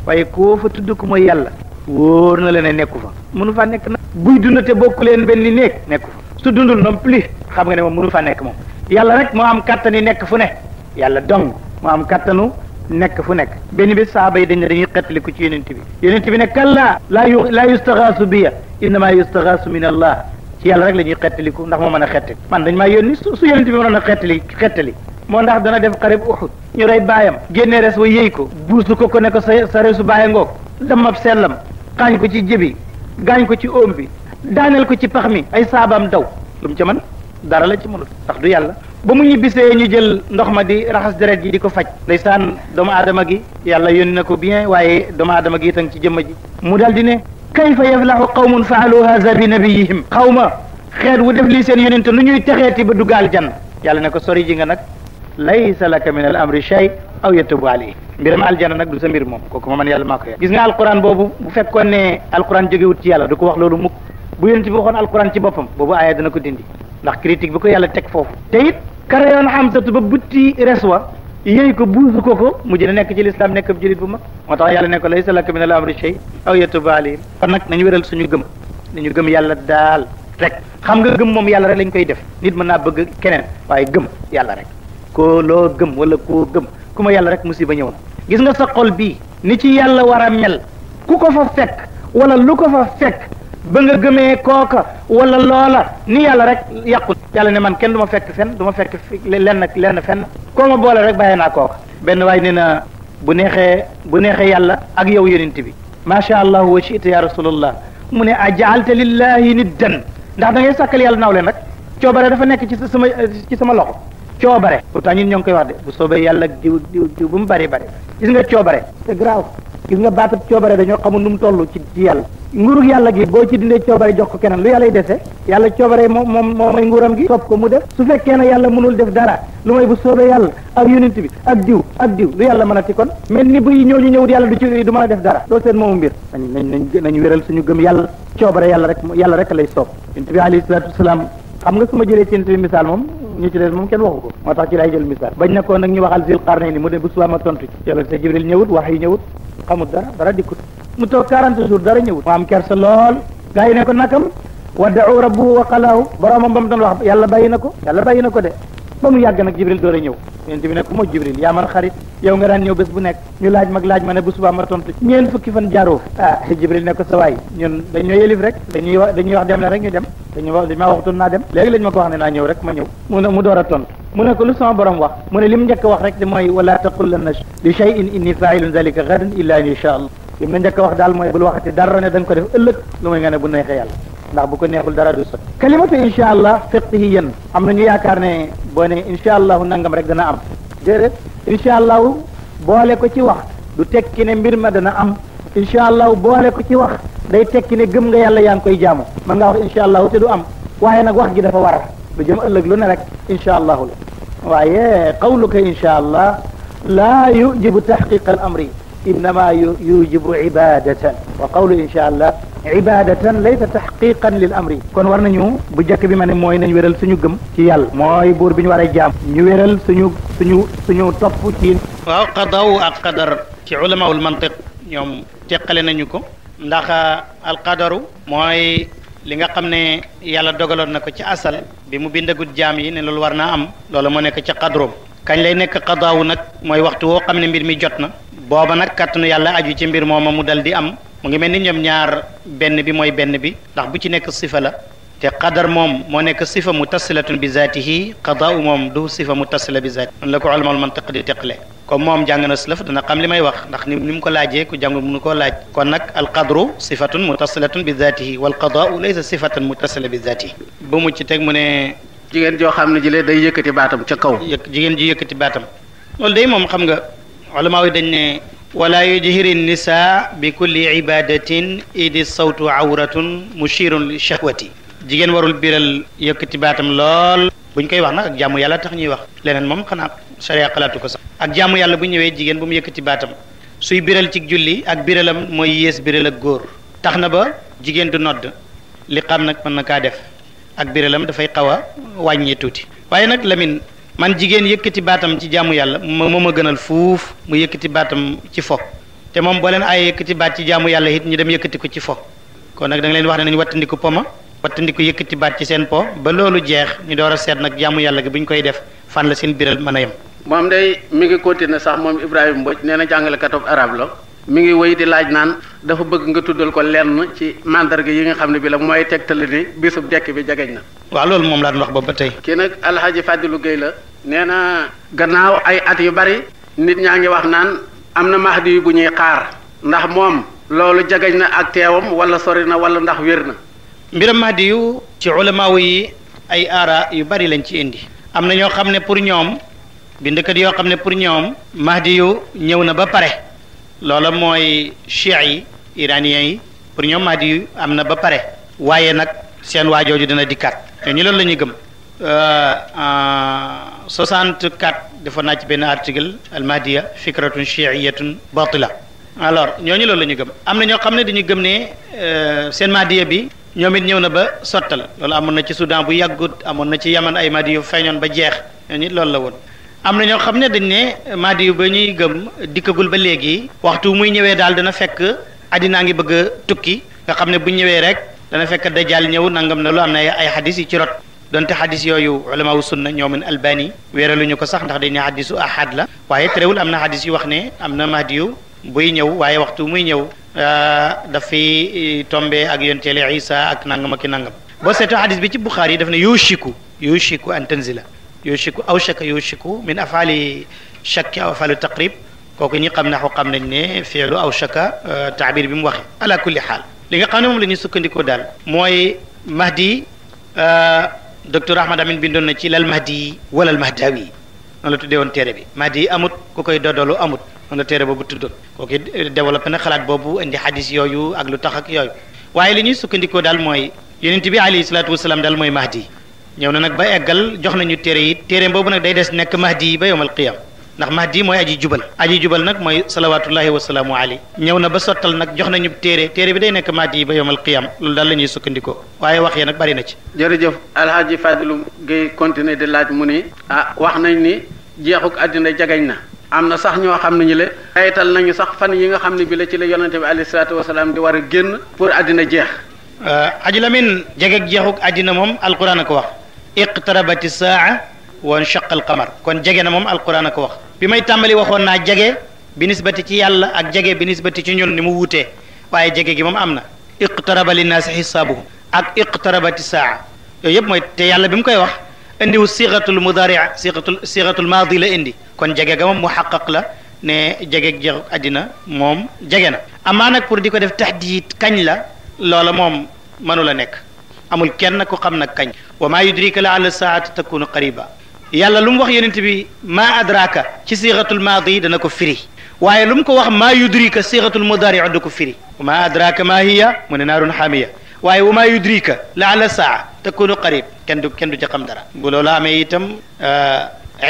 waaye koo fa tudd ko mooy yàlla wóor na la ne nekku fa mënu faa nekk nag buy dund te bokk leen benn néeg nekku su dundul non plus xam nga ne moom mënu fa nekk moom yàlla rek moo am kattan yi nekk fu ne yàlla dong moo am kattanu nekk fu nekk benn bi saaba yi dañ ne dañuy xettaliku ci yonent bi yonent bi ne kalla laa yu laa yustaxaasu biya innama yustaxaasu min allah ci yàlla rek lañuy ñuy xettaliku ndax moo mën a xettali man dañ maa yónni su su yonent bi mënoon xettali xettali moo ndax dana def xarib uxud ñu rey baayam génnee res wa yëy ko buusu ko ko ne ko sa sa resu baaya ngoog dammab sellam xaañ ko ci jëbi gaañ ko ci óom bi daaneel ko ci pax mi ay saabaam daw lu mu ca mën dara la ci mënul ndax du yàlla ba mu ñibbisee ñu jël ndox ma di raxas deret ji di ko faj ndeysaan doomu aadama gi yàlla yónni na ko bien waaye doomu aadama gi itam ci jëmm ji mu daal di ne kayfa yaflahu qawmun faalu haza bi nabiyihim xaw ma xeet wu def lii seen yonente nu ñuy texeeti ba dugg aljanna yàlla ne ko sori ji nga nag laysa laka min al amri shay aw yatubu alayhi mbiram aljana nag du sa mbir moom kooku ma man yàlla maa ko gis nga alquran boobu bu fekkoon ne alquran jógewut ci yàlla du ko wax loolu mukk bu yonent bi waxoon alquran ci boppam boobu aaya dana ko dindi ndax critique bi ko yàlla teg foofu te it karayoon Hamsatu ba butti res wa yéy ko buusu ko ko mu jëne nekk ci lislaam nekk ab julit bu mag moo tax yàlla ne ko laysa laka min al amri shay aw yatuba alayhim kon nag nañu wéral suñu gëm nañu gëm yàlla daal rek xam nga gëm moom yàlla rek lañ koy def nit mën naa bëgg keneen waaye gëm yàlla rek koo loo gëm wala koo gëm ku yàlla rek musiba ñëw na gis nga sa xol bii ni ci a mel ku ko fa fekk wala lu ko fa fekk ba nga gëmee kooka wala loola ni yàlla rek yàqu yàlla ne man kenn du ma fekk fenn du ma fekk lenn lenn fenn koo ma boole rek bàyyee naa kooka benn waay nee na bu neexee bu neexee yàlla ak yow yonent bi macha allah wa shiita ya rasulallah mu ne ajaalta lillahi niddan ndax da ngay sàkkal yàlla nawle nag coobare dafa nekk ci sa sama ci sama loxo coobare pourtant ñun ñoo ngi koy wax de bu soobee yàlla diw diw diw bu mu bari bari gis nga coobare c'est grave gis nga baatub coobare dañoo xamul nu mu toll ci ci yàlla nguurug yàlla gi boo ci dindee coobare jox ko keneen lu yàllay dese yàlla coobare moom moom moom mooy nguuram ko mu def su fekkee def dara lu may bu soobee yàlla ak yonent bi ak diw ak diw lu yàlla mën a ti kon mel ni bu ñëw ñu ñëwut yàlla du ci du mën a def dara loolu seen moomu mbir nañ nañ nañ wéral suñu gëm yàlla coobare yàlla rek yàlla rek lay sopp yonent bi alayhi salaatu wasalaam xam nga su jëlee ci yonent ko na wax yi ñëwut xamul dara dara dikkut mu toog 40 jours dara ñëwut mu am kersa lool gaa yi ne ko nakam wadda'u rabbuhu wa qalaahu boromam ba mu doon wax yàlla bàyyi na ko yàlla bàyyi na ko de ba mu yàgg nag jibril door a ñëw yonent bi ne ku ma jibril yaa man xarit yow nga daan ñëw bés bu nekk ñu laaj mag laaj ma ne bu subaa ma tontu ñeen fukki fan jaaroo ah jibril ne ko sa waay ñun dañ ñoo yëlif rek dañuy wax dañuy wax dem rek ñu dem dañu wax dañ maa waxutoon naa dem léegi lañ ma ko wax ne naa ñëw rek ma ñëw mu door a tontu mu ne ko lu sama borom wax mu ne li mu njëkk wax rek de mooy wala taqulanna li a inni fa'ilun zalika gadan illa an yasha allah li mu njëkk wax daal mooy bul waxati dara ne da nga ne ndax bu ko neexul dara du sotti kalimatu incha allah fiqhiyan am nañu yaakaar ne boo ne incha allahu nangam rek dana am déedéet incha allahu ko ci wax du tekki ne mbir ma dana am incha allahu ko ci wax day tekki ne gëm nga yàlla yaa ngi koy jaamu mën wax incha allahu te du am waaye nag wax gi dafa war lu jëm ëllëg lu ne rek incha allahu la waaye qawluka incha allah laa yujibu taxqiqa al amri innama yujibu ibadatan wa qawlu incha allah ibaadatan laysa taxqiqan lil amri kon war nañu bu jëkk bi ma ne mooy nañ wéral suñu gëm ci yàlla mooy buur bi ñu war a jaam ñu wéral suñu suñu suñu topp ci waaw qadaw ak qadar ci ulamaul mantiq ñoom teqale nañu ko ndax euh, alqadaru mooy li nga xam ne yàlla dogaloon na ko ci asal bi mu bindagul jaam yi ne loolu war naa am loolu moo nekk ca qadroom kañ lay nekk xadaawu nag mooy waxtu woo xam ne mbir mi jot na booba nag kàttanu yàlla aju ci mbir moom mooma mu dal di am mu ngi mel ni ñoom ñaar benn bi mooy benn bi ndax bu ci nekk sifa la te qadar moom moo nekk sifa mutasilatun bi zaatihi qadaa moom du sifa mutasila bi zaati noonu la ko ulamaul mantiq di teqale comme moom jàng na salaf dana xam li may wax ndax ni ni mu ko laajee ku jàngul mënu koo laaj kon nag alqadru sifatun mutasilatun bi zaatihi wal qadaa laysa sifatan mutasila bi zaatihi bu mu ci teg mu ne jigéen joo xam ji jëlee day yëkkati baatam ca kaw. jigéen ji yëkkati baatam loolu day moom xam nga ulamaa yi dañ ne. wala yujhiri nisaa bi kulli ibadatin idi sawtu awratun mushirun li shahwati jigéen warul biral yëkkati baatam lool buñ koy wax nag ak jaamu yàlla tax ñuy wax leneen moom xanaa sharia xalaatu ko sax ak jaamu yàlla bu ñëwee jigéen bu mu yëkkati baatam suy biral ci julli ak biralam mooy yées biral ak góor tax na ba jigéen du nodd li xam nag mën na kaa def ak biralam dafay xaw a wàññee tuuti waaye nag Lamine man jigéen yëkkati baatam ci jaamu yàlla moo ma gënal fuuf mu yëkkati baatam ci fo te moom boo leen ay yëkkati baat ci jaamu yàlla it ñu dem yëkkati ko ci fo kon nag da leen wax ne nañu wattandiku poma wattandiku yëkkati baat ci seen po ba loolu jeex ñu door a seet nag jaamu yàlla bu ñu koy def fan la seen biral mën a yem. moom day mi ngi continué sax moom Ibrahima Mbodj nee na jàngalekatub arab la. mi ngi wéy di laaj naan dafa bëgg nga tuddal ko lenn ci mandarga yi nga xam ne bi la mooy tegtale ni bisub dekk bi jegeñ na. waaw loolu moom laa wax ba ba tey. kii nag El Hadj Fadilou la. nee na gannaaw ay at yu bari. nit ñaa ngi wax naan am na mahdi bu ñuy xaar. ndax moom. loolu jegeñ na ak teewam wala sori na wala ndax wér na. mbiram mahdi yu. ci ulamaaw yi ay aara yu bari lañ ci indi. am na ñoo xam ne pour ñoom bindkat yoo xam ne pour ñoom. mahdi yu ñëw na ba pare. loola mooy chiites yi iraniens yi pour ñoom mahdi yu am na ba pare waaye nag seen waajooju dana dikkaat ñoo ñu loolu la ñuy gëm 64 dafa naaj benn article al mahdiya fikratun chiiyatun batila alors ñooñu loolu la ñu gëm am na ñoo xam ne dañu gëm ne euh, seen mahdiya bi ñoom it ñëw na ba sottal loolu amoon na ci Soudan bu yàggut amoon na ci Yaman ay mahdi feeñoon ba jeex ñooñu it loolu la woon am na ñoo xam ne dañ ne mahdi yu ba ñuy gëm dikkagul ba léegi waxtu muy ñëwee daal dana fekk addinaa ngi bëgg tukki nga xam ne bu ñëwee rek dana fekk dajal ñëw nangam na lu am na ay xadis yi ci rot donte xadis yooyu ulamaawu sunna ñoomin albani ñu ko sax ndax dañ ne xadisu ahad la waaye terewul am na xadis yu wax ne am na mahdi yu buy ñëw waaye waxtu muy ñëw euh, dafay e, tombe ak yonteele isa ak nangam ak ki nangam boo seetoo xadis bi ci buxaari yi daf ne yushiku yushiku an tanzila yushiku aw shakka yushiku min afaali shakki aw afaalu taqrib kooku ñi xam naxu xam nañ ne feelu aw shakka euh, taabir bi mu waxe ala kulli xaal li nga xam ne moom la ñuy sukkandikoo daal mooy mahdi euh, docteur Ahmad Amin bindoon na ci lal mahdi wala mahdawi noonu la tuddee woon téere bi mahdi amut ku koy dodolu amut noonu la téere boobu tuddoon kooku euh, développé na xalaat boobu indi xadis yooyu ak lu tax ak yooyu waaye li ñuy sukkandikoo daal mooy yonent bi alayhi salaatu wasalaam daal mooy mahdi ñëw na nag ba eggal jox nañu téere yi téere boobu nag day des nekk mahdi yi ba yowmal qiyam ndax mahdi mooy aji jubal aji jubal nag mooy salawaatullahi wasalaamu ali ñëw na ba sottal nag jox nañu téere téere bi day nekk mahdi yi ba yowmal qiyam loolu daal la ñuy sukkandikoo waaye wax ya nag bari na ci jërëjëf alhaaji Fadilu Gay continuer de laaj mu ni ah wax nañ ni jeexuk àddina jagañ na am na sax ñoo xam ne le aytal nañu sax fan yi nga xam ne bi la ci la yonente bi alayhi salaatu wasalaam di war a génn pour àddina jeex euh, aji lamin jegeg jeexuk àddina moom alquran a ko wax iqtarabati saa wa nchaqa alqamar kon jege na moom alquran a ko wax bi may tàmbali waxoon naa jege bi nisbati ci yàlla ak jege bi nisbati ci ñun ni mu wuutee waaye jege gi moom am na iqtaraba linnaasi xisaabuhum ak iqtarabati saa yooyu yëpp mooy te yàlla bi mu koy wax indiwu siixatul mudaari siixatul siixatul maadi la indi kon jege ga moom mu xaqaq la ne jege jeexu àddina moom jege na amaa nag pour di ko def taxdiit kañ la loola moom mënu la nekk amul kenn ku xam nag kañ wa maa yudrika la alla saati takunu qariba yàlla lu mu wax yonent bi maa adraka ci sixatul maadi dana ko firi waaye lu mu ko wax maa yudrika sixatul mudaari da ko firi wa maa adraka maa hiya mu ne naarun xaamiya waaye wa maa yudrika la alla saa takunu qarib kenn du kenn du ca xam dara bu loolu amee itam euh,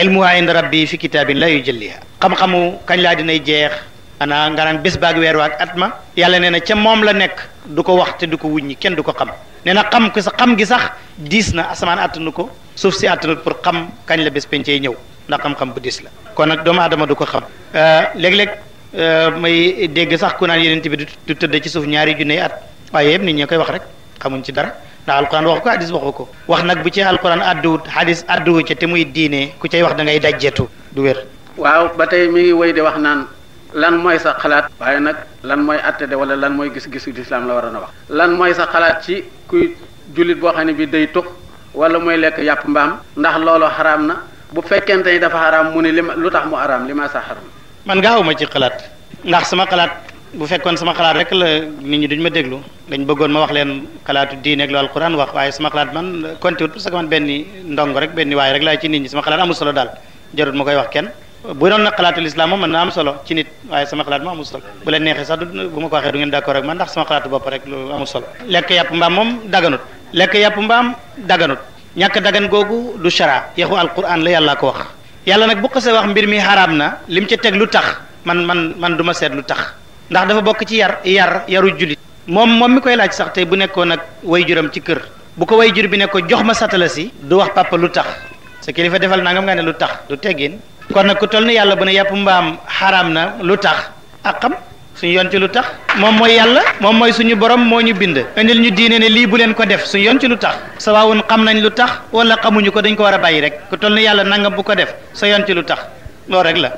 ilmuha inda rabbi fi la yujalliha xam-xamu kañ laa dinay jeex ana nga naan weer waag atma ma yàlla nee na ca moom la nekk du ko wax te du ko wuññi kenn du ko xam nee xam ko sa xam gi sax diis na asamaan àttanu ko suuf si àttanu pour xam kañ la bés pencee ñëw ndax xam-xam bu diis la kon nag doomu aadama du ko xam euh, léeg-léeg euh, may dégg sax ku naan yeneen bi du tëdd ci suuf ñaari junne at waaye yëpp nit ñi koy wax rek xamuñ ci dara ndax alquran waxu ko hadis waxu ko wax nag bu ci alquran adduwut hadis adduwu ca te muy diine ku cay wax dangay ngay dajjetu du wér waaw ba tey mi ngi wéy wax naan lan mooy sa xalaat waaye nag lan mooy attede wala lan mooy gis-gisu lislaam la waroon a wax lan mooy sa xalaat ci kuy jullit boo xam ne bi day tux wala mooy lekk yàpp mbaam ndax loolu xaraam na bu fekkente ni dafa xaraam mu ne li ma lu tax mu araam li ma sa xaram man gaawuma ci xalaat ndax sama xalaat bu fekkoon sama xalaat rek la nit ñi duñ ma déglu dañ bëggoon ma wax leen xalaatu diine ak lu alquran wax waaye sama xalaat man kontiwut parce que man benn ndongo rek benn waaye rek laay ci nit ñi sama xalaat amul solo daal jarut ma koy wax kenn bu doon na xalaatul islam moom mën na am solo ci nit waaye sama xalaat moom amul solo bu leen neexee sax du bu ma ko waxee du ngeen d'accord ak man ndax sama xalaatu bopp rek loolu amul solo lekk yàpp mbaam moom daganut lekk yàpp mbaam daganut ñàkk dagan googu du shara yexu alquran la yàlla ko wax yàlla nag bu xasee wax mbir mi xaraam na lim ca teg lu tax man man man du seet lu tax ndax dafa bokk ci yar yar yaru jullit moom moom mi koy laaj sax tey bu nekkoon ak waajuram ci kër bu ko waajur bi ne ko jox ma satala si du wax papa lu tax sa kilifa defal nangam nga ne lu tax du teggin kon nag ku toll yàlla bu ne yàpp mbaam xaraam na lu tax ak xam suñu yoon ci lu tax moom mooy yàlla moom mooy suñu borom moo ñu bind indil ñu diine ne lii bu leen ko def suñu yoon ci lu tax sawaawun xam nañ lu tax wala xamuñu ko dañ ko war a bàyyi rek ku toll yàlla nanga bu ko def sa yoon ci lu tax loo rek la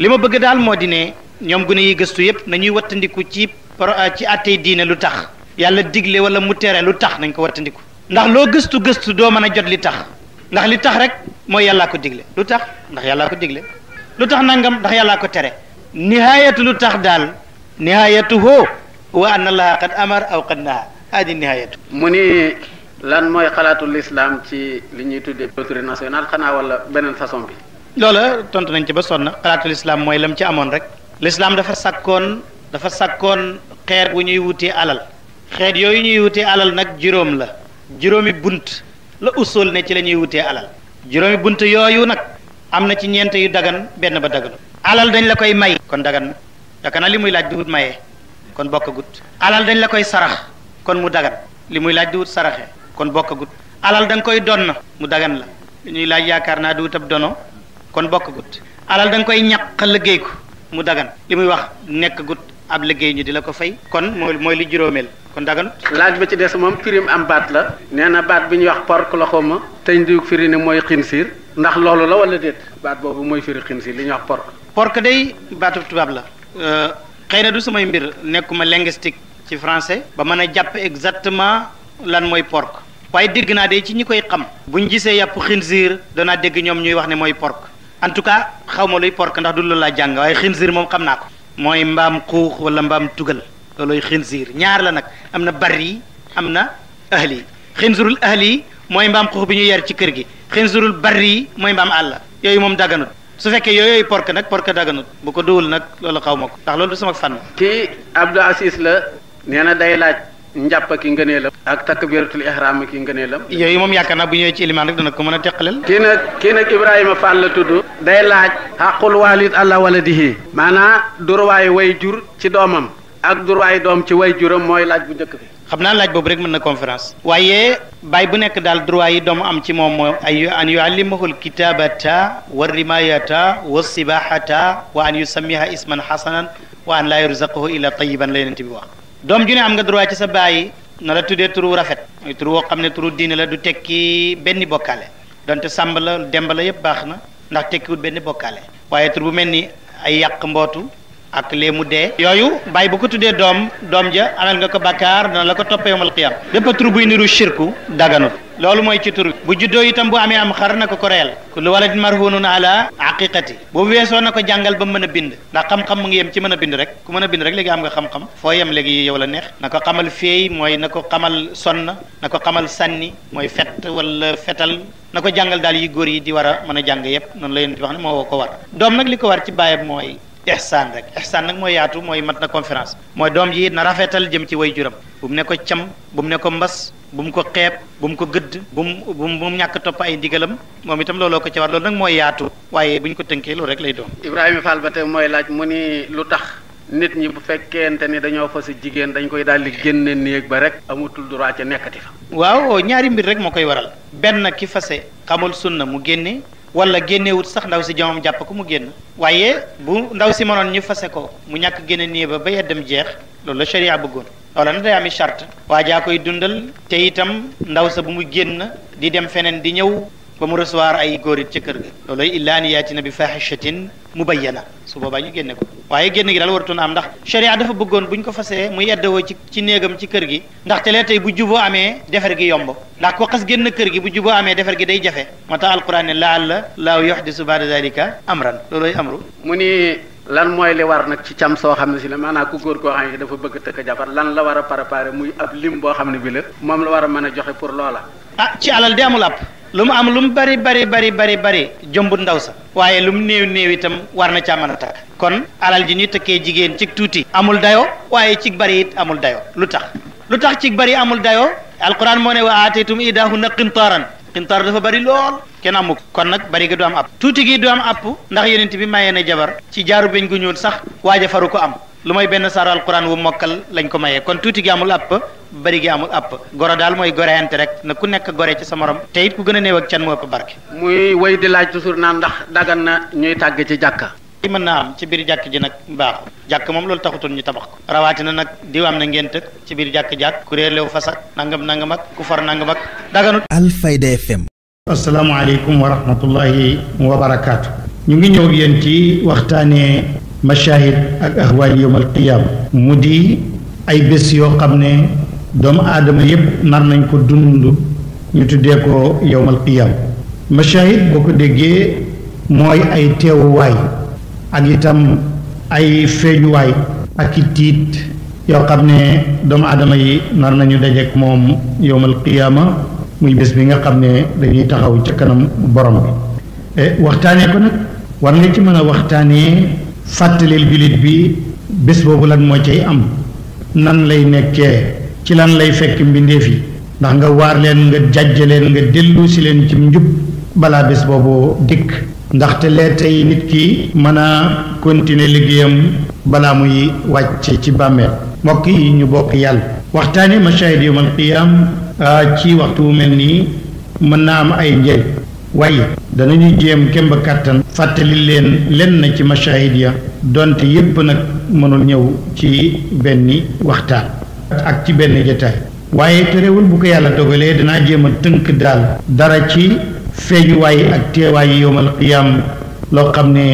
li ma bëgg daal moo di ne ñoom gune yi gëstu yëpp nañuy wattandiku ci ah, ci àttey diine lu tax yàlla digle wala mu tere lu tax nañ ko wattandiku ndax loo gëstu gëstu doo mën a jot li tax ndax li tax rek mooy yàllaa ko digle lu tax ndax yàllaa ko digle lu tax nangam ndax yàllaa ko tere nihaayatu lu tax daal nihaayatu hoo wa anna allaha qad amar aw qad naha haadi nihaayatu mu ni lan mooy xalaatu lislaam ci li ñuy tuddee culture nationale xanaa wala beneen façon bi loola tontu nañ ci ba sonn xalaatu lislaam mooy lam ci amoon rek lislaam dafa sakkoon dafa sakkoon xeet wu ñuy wutee alal xeet yooyu ñuy wutee alal nag juróom la juróomi bunt la usul ne ci la ñuy wutee alal juróomi bunt yooyu nag am na ci ñeent yu dagan benn ba daganu alal dañ la koy may kon dagan na dakana li muy laaj di wut mayee kon bokkagut alal dañ la koy sarax kon mu dagan li muy laaj di wut saraxe kon bokkagut alal dañ nga koy donn mu dagan la li ñuy laaj yaakaar naa di wut ab dono kon bokkagut alal da koy ñaq liggéey ko mu dagan li muy wax nekkagut ab liggéey ñu di la ko fay kon mooy mooy li juróomeel kon daganut laaj ba ci des moom firim am baat la nee na baat bi ñuy wax porc la xaw ma teñ diw firi ne mooy xinsiir ndax loolu la wala déet baat boobu mooy firi xinsiir li ñuy wax porc porc day baatu tubaab la euh, xëy na du samay mbir nekkuma linguistique ci français ba mën a jàpp exactement lan mooy porc waaye dégg naa de ci ñi koy xam bu ñu gisee yàpp xinsiir danaa dégg ñoom ñuy wax ne mooy porc en tout cas xaw ma luy porc ndax du loolu laa jàng waaye moom xam naa ko mooy mbaam xuux wala mbaam tugal looloy xinziir ñaar la nag am na bari am na ahli xinzirul ahli mooy mbaam xuux bi ñu yar ci kër gi xinzirul bari mooy mbaam àll yooyu moom dagganut su fekkee yooyooyu pork nag pork dagganut bu ko duwul nag loolu xaw ma ko ndax loolu du sama fànn. kii Abdou Assis la nee na day laaj. njàpp ki ngëneelam ak takbiratul ihram ki ngëneelam yooyu moom yaakaar naa bu ñëwee ci ilimaan rek dana ko mën a teqaleel kii nag kii nag Ibrahima Fall la tudd day laaj xaqul walid allah waladihi maanaam durwaay way jur ci doomam ak durwaay doom ci way juram mooy laaj bu njëkk bi xam naa laaj boobu rek mën na conférence waaye baay bu nekk daal durwaay yi doomu am ci moom mooy ay an yuallimahul kitabata wa rimayata wa sibahata wa an yusammiha isman hasanan wa an la yarzuqahu illa tayiban la yonent bi wax doom ju ne am nga droit ci sa bàyyi na la tuddee turu rafet muy turu woo xam ne turu diine la du tekki benn bokkaale donte sàmba la demb la yëpp baax na ndax tekkiwut benn bokkaale waaye tur bu mel ni ay yàq mbootu ak lii mu dee yooyu baay bu ko tuddee doom doom ja amel nga ko bakkaar dana la ko toppee yomal xiyam bépp tur buy niru shirku daganut loolu mooy ci tur bu juddoo itam bu amee am xar na ko ko reyal kullu waladin marhunun a aqiqati bu weesoo na ko jàngal ba mën a bind ndax xam-xam mu ngi yem ci mën a bind rek ku mën a bind rek léegi am nga xam-xam foo yem léegi yow la neex na ko xamal féey mooy na ko xamal sonn na ko xamal sànni mooy fet wala fetal na ko jàngal daal yi góor yi di war a mën a jàng yépp noonu la yéen di wax ne moo ko war doom nag li ko war ci bàyyam mooy ihsaan rek ihsaan nag mooy yaatu mooy mat na conférence mooy doom ji na rafetal jëm ci way juram bu mu ne ko cam bu mu ne ko mbas bu mu ko xeeb bu mu ko gëdd bu mu bu ñàkk topp ay ndigalam moom itam looloo ko ci war loolu nag mooy yaatu waaye bu ñu ko tënkee loolu rek lay doon Ibrahima Fall ba tey mooy laaj mu ni lu tax nit ñi bu fekkente ni dañoo fas jigéen dañ koy daal di génne néeg ba rek amutul droit ca nekkati fa waaw ñaari mbir rek moo koy waral benn ki fase xamul sunna mu génne wala wut sax ndaw si jomam jàpp ko mu génn waaye bu ndaw si mënoon ñu fase ko mu ñàkk génn nii ba ba yeddam jeex loolu la sharia bëggoon loola na day ami charte waa jaa koy dundal te itam ndaw sa bu mu génn di dem feneen di ñëw ba mu recevoir ay góor it ca kër ga looloy illaa an yaatina bi mu fahishatin mubayyana su boobaa ñu génne ko waaye génn gi daal waratoon am ndax sharia dafa bëggoon bu ñu ko fasee muy eddawoo ci ci néegam ci kër gi ndaxte lee tey bu juboo amee defar gi yomb ndax ko xas génn kër gi bu juboo amee defar gi day jafe moo tax alquran ne laal la laaw yuhdisu baada zalika amran looloy amru mu ni lan mooy li war nag ci cam soo xam ne si la maanaam ku góor koo xam ne dafa bëgg tëkk jabar lan la war a préparer muy ab lim boo xam ne bi la moom la war a mën a joxe pour loola ah ci alal di amul àpp lu mu am lu mu bari bari bari bari bari jëmbut ndaw sax waaye lu mu néew néew itam war na caa mën takk kon alal ji ñuy tëkkee jigéen cig tuuti amul dayo waaye cig bari it amul dayo lu tax lu tax cig bari amul dayo alquran moo ne wa aataytum idaahunna qintaaran qintaar dafa bari lool kenn amu kon nag bari gi du am app tuuti gi du am app ndax yonent bi mayee na jabar ci jaaru beñ gu ñuul sax waaja faru ko am lu may benn saaru alquran wu mokkal lañ ko mayee kon tuuti gi amul àpp bari gi amul àpp goro daal mooy goreyante rek na ku nekk gore ci sa morom te it ku gën a néew ak can mu ëpp barke muy way di laaj toujours naan ndax dagan na ñuy tàgg ci jàkka li mën naa am ci biir jàkk ji nag baaxul jàkk moom loolu taxutoon ñu tabax ko rawatina nag diw am na ngént ak ci biir jàkk jàkk ku réerlew fasak nangam nangam ak ku for nangam ak daganut Alfayda FM asalaamaaleykum wa rahmatullahi wa barakaatu ñu ngi ñëw yéen ci waxtaanee mashahid ak ahwaal yowmal qiyaam mu di ay bés yoo xam ne doomu aadama yépp nar nañ ko dund ñu tuddee ko yowmal qiyaam mashahid boo ko déggee mooy ay teewuwaay ak itam ay feeñuwaay ak i tiit yoo xam ne doomu aadama yi nar nañu dajeek moom yowmal qiyaama muy bés bi nga xam ne dañuy taxaw ca kanam borom bi eh, waxtaanee ko nag war nga ci mën a waxtaanee fàttalil jullit bi bés boobu lan moo cay am nan lay nekkee ci lan lay fekk mbindeef yi ndax nga waar leen nga jàjj leen nga dellu si leen ci njub balaa bés booboo dikk ndaxte lee tey nit ki mën a continuer liggéeyam balaa muy wàcc ci bàmmeel mbokk yi ñu bokk yàlla waxtaani mashahid yawmal qiyaam ci waxtu wu mel nii mën naa am ay njëriñ waaye danañu jéem kemb kàttan fàttali leen len na ci mashahid ya donte yépp nag mënul ñëw ci benn waxtaan ak ci benn jataay waaye terewul bu ko yàlla dogalee danaa jéem a tënk daal dara ci feeñuwaay ak teewaay yowmal qiyaam loo xam ne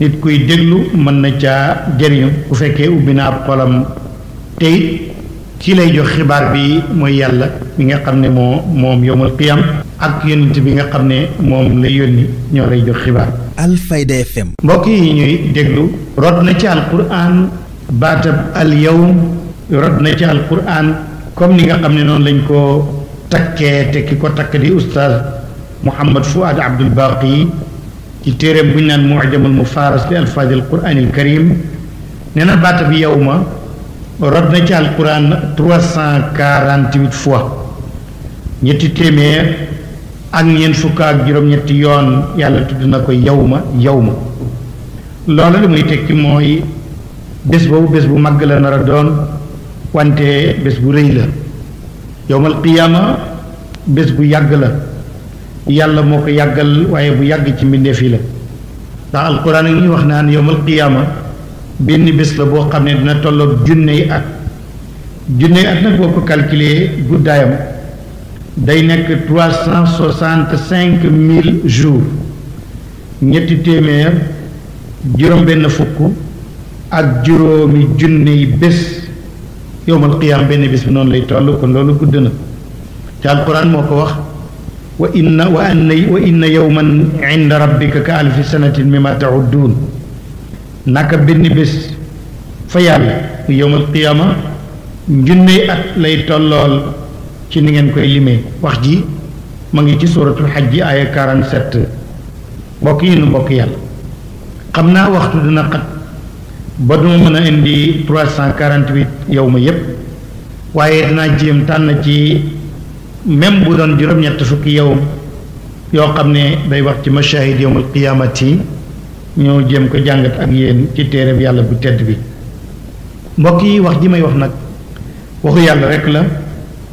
nit kuy déglu mën na ca jëriñu bu fekkee ubbi na ab xolam tey ci lay jox xibaar bi mooy yàlla mi nga xam ne moo moom yowmal qiyam ak yonent bi nga xam ne moom la yónni ñoo lay jox xibaar alfayda fm mbokk yi ñuy déglu rod na ci alquran baatab al yawm rod na ci alquran comme ni nga xam ne noonu lañ ko takkee te ki ko takk di oustaz Mouhamed Fouad Abdoul Baqi ci téereem bu ñu naan mu'jamul mufaaras li alfaadil quraanil karim nee na baatab yawma rot na ci alquran trois cent quarante-huit fois ñetti téeméer ak ñeent fukk ak juróom-ñetti yoon yàlla tudd na ko yawma ma loola li muy tekki mooy bés boobu bés bu màgg la nar a doon wante bés bu rëy la yawmal qiyaama bés bu yàgg la yàlla moo ko yàggal waaye bu yàgg ci mbindeef yi la ndax alquran a ngi wax naan yawmal qiyaama benn bés la boo xam ne dina tolloog junney at junney at nag boo ko calculer guddaayam day nekk trois cent soixante cinq mille jours ñetti téeméer juróom benn fukk ak juróomi junney bés yowmal qiyaam benn bés bi noonu lay toll kon loolu gudd na ci alquran moo ko wax wa inna wa anna wa inna yowman inda rabbika ka alfi sanatin mimma taudduun naka benn bés fa yàlla yowmal qiyaama njunney at lay tollool ci ni ngeen koy lime wax ji ma ngi ci suuratul xaj ji aaya 47 mbokk yi nu mbokk yàlla xam naa waxtu dina xat ba duma mën a indi 348 yow ma yépp waaye dinaa jéem tànn ci même bu doon juróom-ñett fukki yow yoo xam ne day wax ci mashahid yowmal qiyaamati ñoo jëm ko jàngat ak yéen ci téereb yàlla bu tedd bi mbokk yi wax ji may wax nag waxu yàlla rek la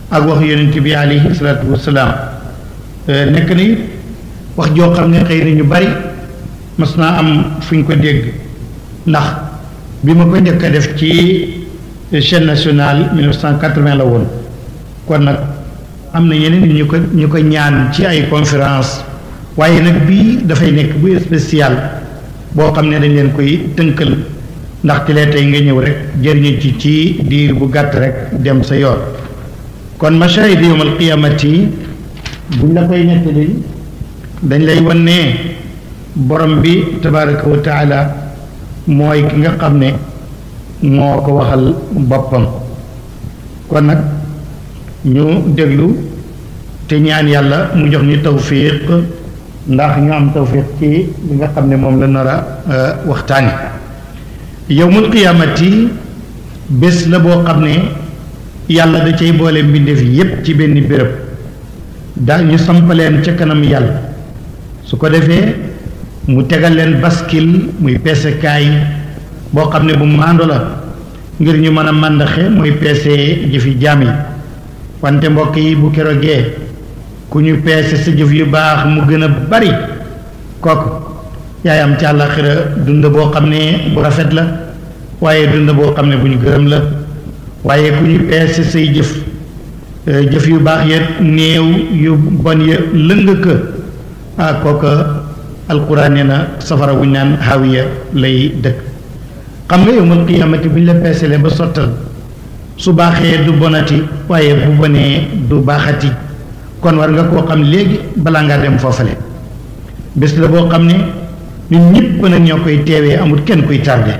ak waxu yonent bi alayhi salaatu wasalaam euh, nekk na it wax joo xam ne xëy na ñu bari mas naa am fu ñu ko dégg ndax bi ma ko njëkk def ci chaîne nationale 1980 la woon kon nag am na yeneen ñu ko ñu ko ñaan ci ay conférence waaye nag bii dafay nekk bu spécial boo xam ne dañ leen koy tënkal ndax ci lee nga ñëw rek jëriñu ci ci diir bu gàtt rek dem sa yoon kon mashahid yawmal qiyamati buñ la koy nettali dañ lay wan ne borom bi tabaraka wa taala mooy ki nga xam ne moo ko waxal boppam kon nag ñu déglu te ñaan yàlla mu jox ñu tawfiq ndax ñu am tawfiq ci li nga xam ne moom la nar a euh, waxtaani yowmul qiyaamati bés la boo xam ne yàlla da cay boole mbindeef yépp ci benn béréb da ñu sampaleen ca kanam yàlla su ko defee mu tegal leen baskil muy peesekaay boo xam ne bu maando la ngir ñu mën a màndaxe muy peese jëfi jaam yi wante mbokk yi bu kerogee ku ñu peese sa jëf yu baax mu gën a bari kooku yaay am ci àllaaxira dund boo xam ne bu rafet la waaye dund boo xam ne bu ñu gërëm la waaye ku ñu peese say jëf euh, jëf yu baax ya néew yu bon ya lëng ka ah kooka alquran nee na safara wuñ naan xaawiya lay dëkk xam nga yowmal qiyaamati bu ñu la peeselee ba sottal su baaxee du bonati waaye bu bonee du baaxati kon war nga koo xam léegi balaa ngaa dem foofale bés la boo xam ne ñun ñëpp nag ñoo koy teewee amul kenn kuy tardé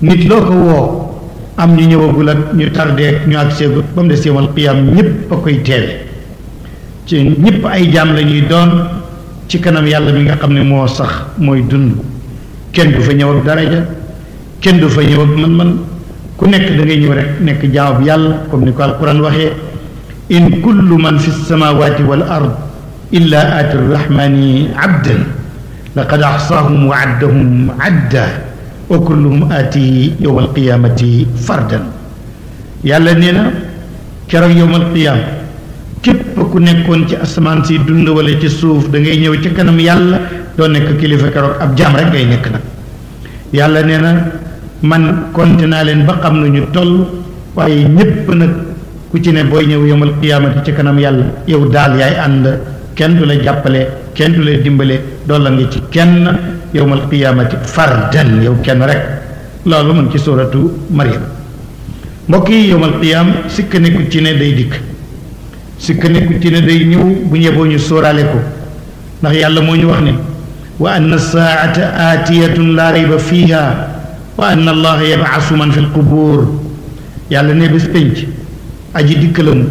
nit loo ko woo am ñu ñëwagul ak ñu tardé ñu ak seegut ba mu des yowal qiyaam ñëpp a koy teewee ci ñëpp ay jaam lañuy doon ci kanam yàlla mi nga xam ne moo sax mooy dund kenn du fa ñëw ak daraja kenn du fa ñëw ak man-man ku nekk da ngay ñëw rek nekk jaamab yàlla comme ni ko alquran waxee in kullu man fi lsamawati wal ard illa aati rrahmani abdan laqad axsaahum wa addahum adda wa kulluhum aati yowm alqiyamati fardan yàlla nee na keroog yowm alqiyaama képp ku nekkoon ci asamaan si dund wala ci suuf da ngay ñëw ci kanam yàlla doo nekk kilifa keroog ab jaam rek ngay nekk nag yàlla nee na man konte naa leen ba xam nañu toll waaye ñépp nag ku ci ne booy ñëw yomal qiyaamati ci kanam yàlla yow daal yaay ànd kenn du la jàppale kenn du la dimbale dolla nga ci kenn yowmal qiyaamati fardan yow kenn rek loolu mën ci suratu Maryam mbokk yi yowmal qiyaam sikk nekku ci ne day dikk sikk nekku ci ne day ñëw bu ñeboo ñu sóoraale ko ndax yàlla moo ñu wax ne wa anna saata aatiyatun laa rayba fiiha wa anna allaha yabasu man fi l yàlla ne bés penc aji dikkalam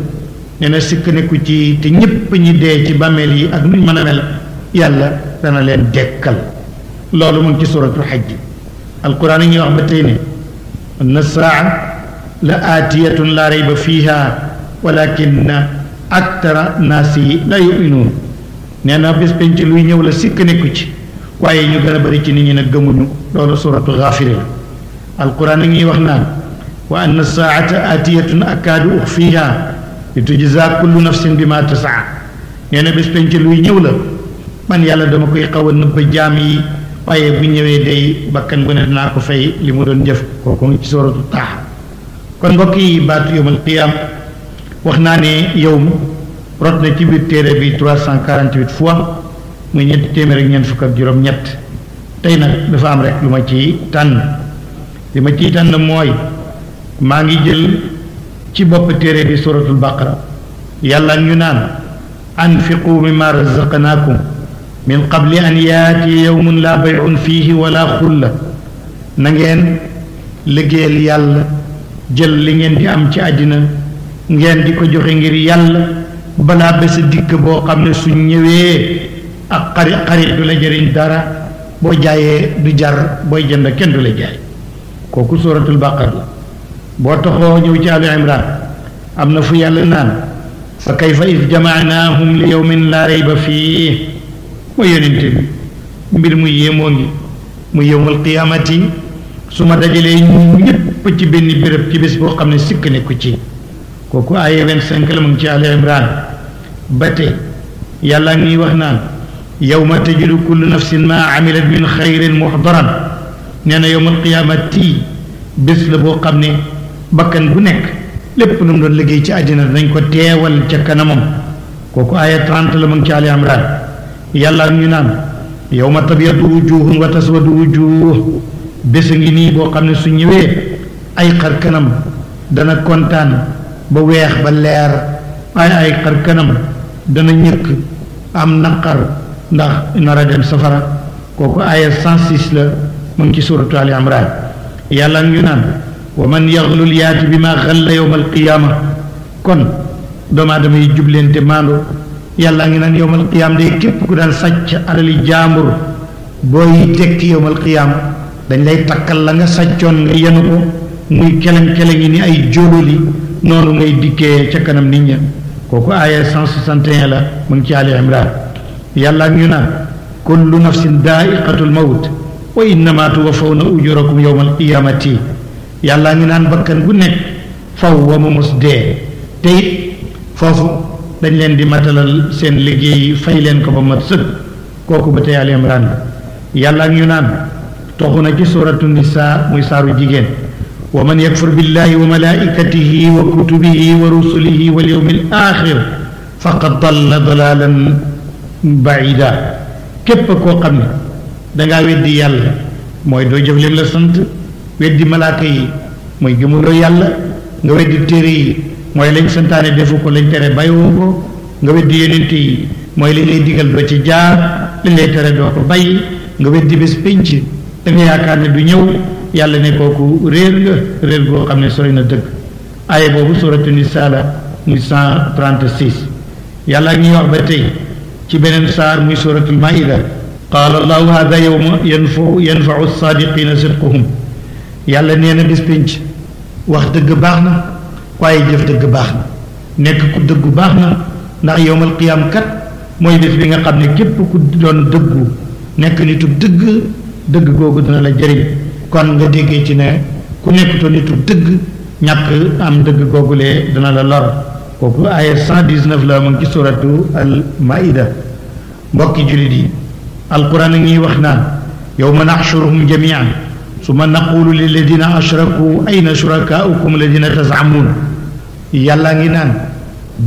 nee na sikk nekku ci te ñëpp ñi dee ci bàmmeel yi ak nuñ mën a mel yàlla dana leen dekkal loolu mu ngi ci suratul xajj alquran yi ñuy wax ba tey ne na saa la aatiyatun laa rayba fiiha walakinna aktara naasi la yuminuun nee na bés penc luy ñëw la sikk nekku ci waaye ñu gën a bëri ci nit ñi nag gëmuñu loolu suratu gaafiri la alquran yi ñuy wax naa wa anna saata atiyatun akaadu uxfiha li tujza kullu nafsin bi ma tasaa nee na bis penc luy ñëw la man yàlla dama koy xaw a nëbb jaam yi waaye bu ñëwee day bakkan bu ne dinaa ko fay li mu doon jëf kooku ngi ci sooratu taaxa kon mbokk yi baatu yowmal qiyaam wax naa ne yow rot na ci biir téere bi cent 348 fois muy ñetti téeméer ak ñeent fukk ak juróom-ñett tey nag dafa am rek lu ma ci tànn li ma ciy tànn mooy maa ngi jël ci bopp téere bi suratul baqara yàlla ñu naan anfiqu mimma razaqnaakum min qabli an yaati yawmun laa bay'un fiihi wala xulla na ngeen liggéeyal yàlla jël li ngeen di am ci àddina ngeen di ko joxe ngir yàlla balaa bés a dikk boo xam ne su ñëwee ak xari xarit du la jëriñ dara boo jaayee du jar booy jënd kenn du la jaay kooku suratul baqara la boo toxoo ñëw ci ali imran am na fu yàlla naan fa kayfa if jamaanaahum li yawmin laa rayba fii mooy yonente bi mbir mu yéemoo mu yowmal qiyaamati su ma dajalee ñu ñëpp ci benn béréb ci bés boo xam ne sikk nekku ci kooku aaya vingt-cinq la mu ngi ci ali imran ba yàlla ngi wax naan yawma tajidu kullu nafsin maa amilat min xayrin muxdaran nee na yowmal qiyaamati bés la boo xam bakkan bu nekk lépp lu mu doon liggéey ci àddina dañ ko teewal ca kanamam kooku aaya trent la mu ci Ali Imran yàlla ñu naan yow yawma tabyaddu wujuhun wa taswadu wujuh bés ngi nii boo xam ne su ñëwee ay xar kanam dana kontaan ba weex ba leer ay ay xar kanam dana ñëkk am naqar ndax nar a dem safara kooku aaya 106 la mu ci suratu Ali Imran yàlla ñu naan wa man yaxlul yaati bi ma xalla alqiyaama kon doomu aadama yi jubleente maandoo yàlla ngi naan yowmal qiyaam day képp ku daan sàcc alali jaambur booy tekki yowmal qiyaam dañ lay takkal la nga sàccoon nga yenu ko muy keleng-keleng yi ni ay jóololi noonu ngay dikkee ca kanam nit ña kooku aaya 161 la mu ngi ci Ali Imran yàlla ñu naan kullu nafsin daaiqatul mawt wa innama tuwaffawna ujurakum yowmal qiyaamati yàlla ngi naan bakkan bu nekk faw wa mu mus dee te it foofu dañ leen di matalal seen liggéey fay leen ko ba mat sëg kooku ba tey Al Imran yàlla ngi naan toxu na ci suratu nisa muy saaru jigéen wa man yakfur billahi wa malaikatihi wa kutubihi wa rusulihi wal yawmil axir faqad dalla dalalan baida képp koo xam ne dangaa weddi yàlla mooy doo jëf lim la sant weddi malaaka yi mooy gëmuloo yàlla nga weddi téere yi mooy lañ santaane defu ko lañ tere bàyyiwoo ko nga weddi yonent yi mooy li lay digal ba ci jaar lañ lay tere doo ko bàyyi nga weddi bés pénc da nga yaakaar ne du ñëw yàlla ne kooku réer nga réer goo xam ne sori na dëgg aaya boobu suratu nisa la muy 136 yàlla ak ñuy wax ba tey ci beneen saar muy suratul maida qaala yan hada yawma yanfau yanfau sadiqina sidquhum yàlla nee na bis pénc wax dëgg baax na waaye jëf dëgg baax na nekk ku dëggu baax na ndax yowmal qiyaam kat mooy bis bi nga xam ne képp ku doon dëggu nekk nitu dëgg dëgg googu dina la jëriñ kon nga déggee ci ne ku nekkutoon nitu dëgg ñàkk am dëgg googulee dana la lor kooku aaya 119 la mu ngi ci suratu al maida mbokki jullit yi alquran a ngi wax naa yow mën a yawma naxshuruhum jamian summa naqulu lilladina ashraku ayna shurakaaukum alladina tazamun yàllaa ngi naan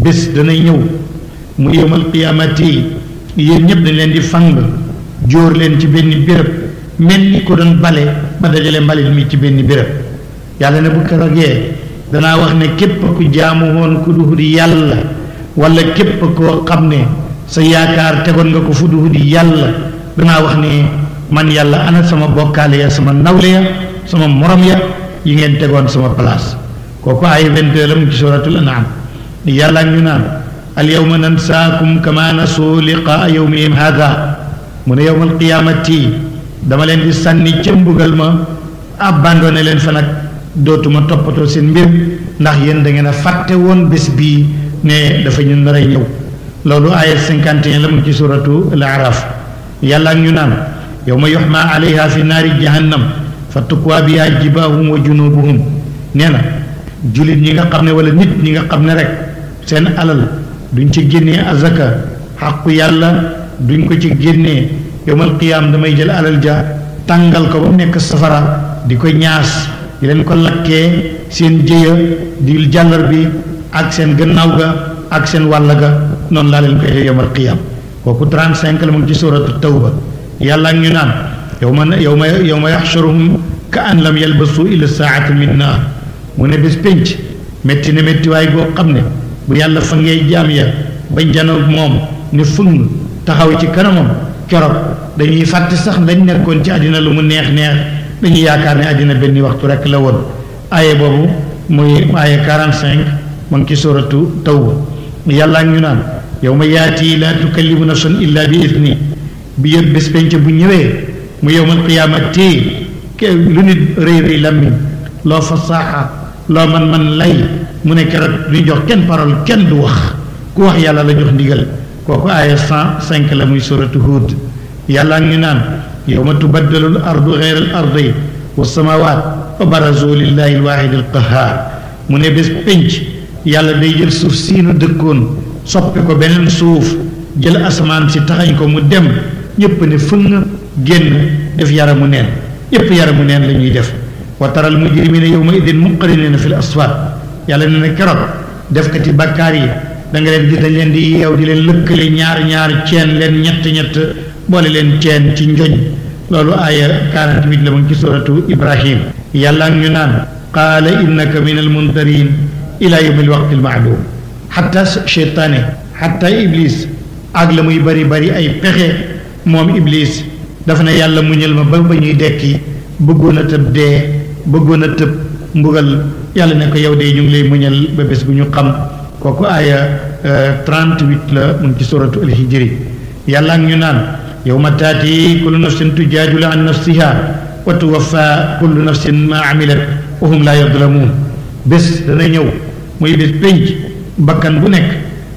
bés dana ñëw mu yowmal qiyaamati yéen ñëpp dañ leen di fang jóor leen ci benn béréb mel ni ko doon bale ba dajale mbalit mi ci benn béréb yàlla ne bu keroogee danaa wax ne képp ku jaamu woon ku duhut yàlla wala képp ko xam ne sa yaakaar tegoon nga ko fu duhut yàlla danaa wax ne man yàlla ana sama bokkaale ya sama nawle ya sama morom ya yi ngeen tegoon sama place kooku ay vingt-deux lam ci suratul an'am yàlla ñu naan al yawma nansaakum kama nasu liqaa yawmihim haada mu ne yawmal qiyaamati dama leen di sànni ca mbugal ma abandonné leen fa nag dootuma toppatoo seen mbir ndax yéen da ngeen a fàtte woon bés bii ne dafa ñu nar a ñëw loolu aaya la mu ci suratu al araf yàlla ñu naan yow ma yuhmaa alayha fi naari jahannam fa tukwaa biha jibaahum wa junubuhum nee na jullit ñi nga xam ne wala nit ñi nga xam ne rek seen alal duñ ci génnee azaka xàqu yàlla duñ ko ci génnee yowmal qiyaam damay jël alal ja tàngal ko ba mu nekk safara di ko ñaas di leen ko lakkee seen jëya di jàllar bi ak seen gannaaw ga ak seen wàll ga noonu laa leen koy yowmal qiyaam kooku 35 la mu ngi ci suuratu tawba yàlla ak ñu naan yow ma yow ma yow ma yaxshuruhum ka an lam yalbasu ila saati min naar mu ne bés pénc métti ne méttiwaay goo xam ne bu yàlla fa ngee jaam ya bañ janoog moom ne fung taxaw ci kanamam keroog dañuy fàtte sax lañ nekkoon ci àddina lu mu neex neex dañuy yaakaar ne àddina benn waxtu rekk la woon aaye boobu muy aaye 45 mu ngi ci suratu tawba yàlla ak ñu naan yow ma yaati laa tukallimu nafsun illa bi idni bi yëpp bés penc bu ñëwee mu yowmal qiyaamati lu nit rëy rëy làmmiñ loo fasaaxa loo man man lay mu ne keroog duñu jox kenn parole kenn du wax ku wax yàlla la jox ndigal kooku aaya cent cinq la muy suratu Hud yàlla ngi naan yowma tubaddalu l ardu geyra al ardi wa samawaat wa barazu lillahi alwaahidi alqahaar mu ne bés pénc yàlla day jël suuf siinu dëkkoon soppi ko beneen suuf jël asamaan si taxañ ko mu dem ñëpp ne fëng génn def yaramu neen ñëpp yaramu neen la ñuy def wa taral mujrimina yawma idin muqarinina fil aswat yàlla ne na keroog defkati bàkkaar yi da nga leen gis dañ leen di yeew di leen lëkkale ñaar ñaar ceen leen ñett ñett boole leen ceen ci njoñ loolu aaya 48 la mu ngi ci suratu ibrahim yàlla ñu naan qaala innaka min almundarin ila yawmi alwaqti almaalum xatta cheytaane xatta iblis ak la muy bari bari ay pexe moom Iblis dafa ne yàlla muñal ma ba ba ñuy dekki bëggoon a tëb dee bëggoon a tëb mbugal yàlla nekk ko yow de ñu ngi lay muñal ba bés bu ñu xam kooku euh, trent 38 la mu ci suratu alhijri yàlla ak ñu naan yow ma taati kullu nafsin tujaadilu an nafsiha wa tuwaffa kullu nafsin ma amilat wa hum laa yadlamuun bés ñëw muy bakkan bu nekk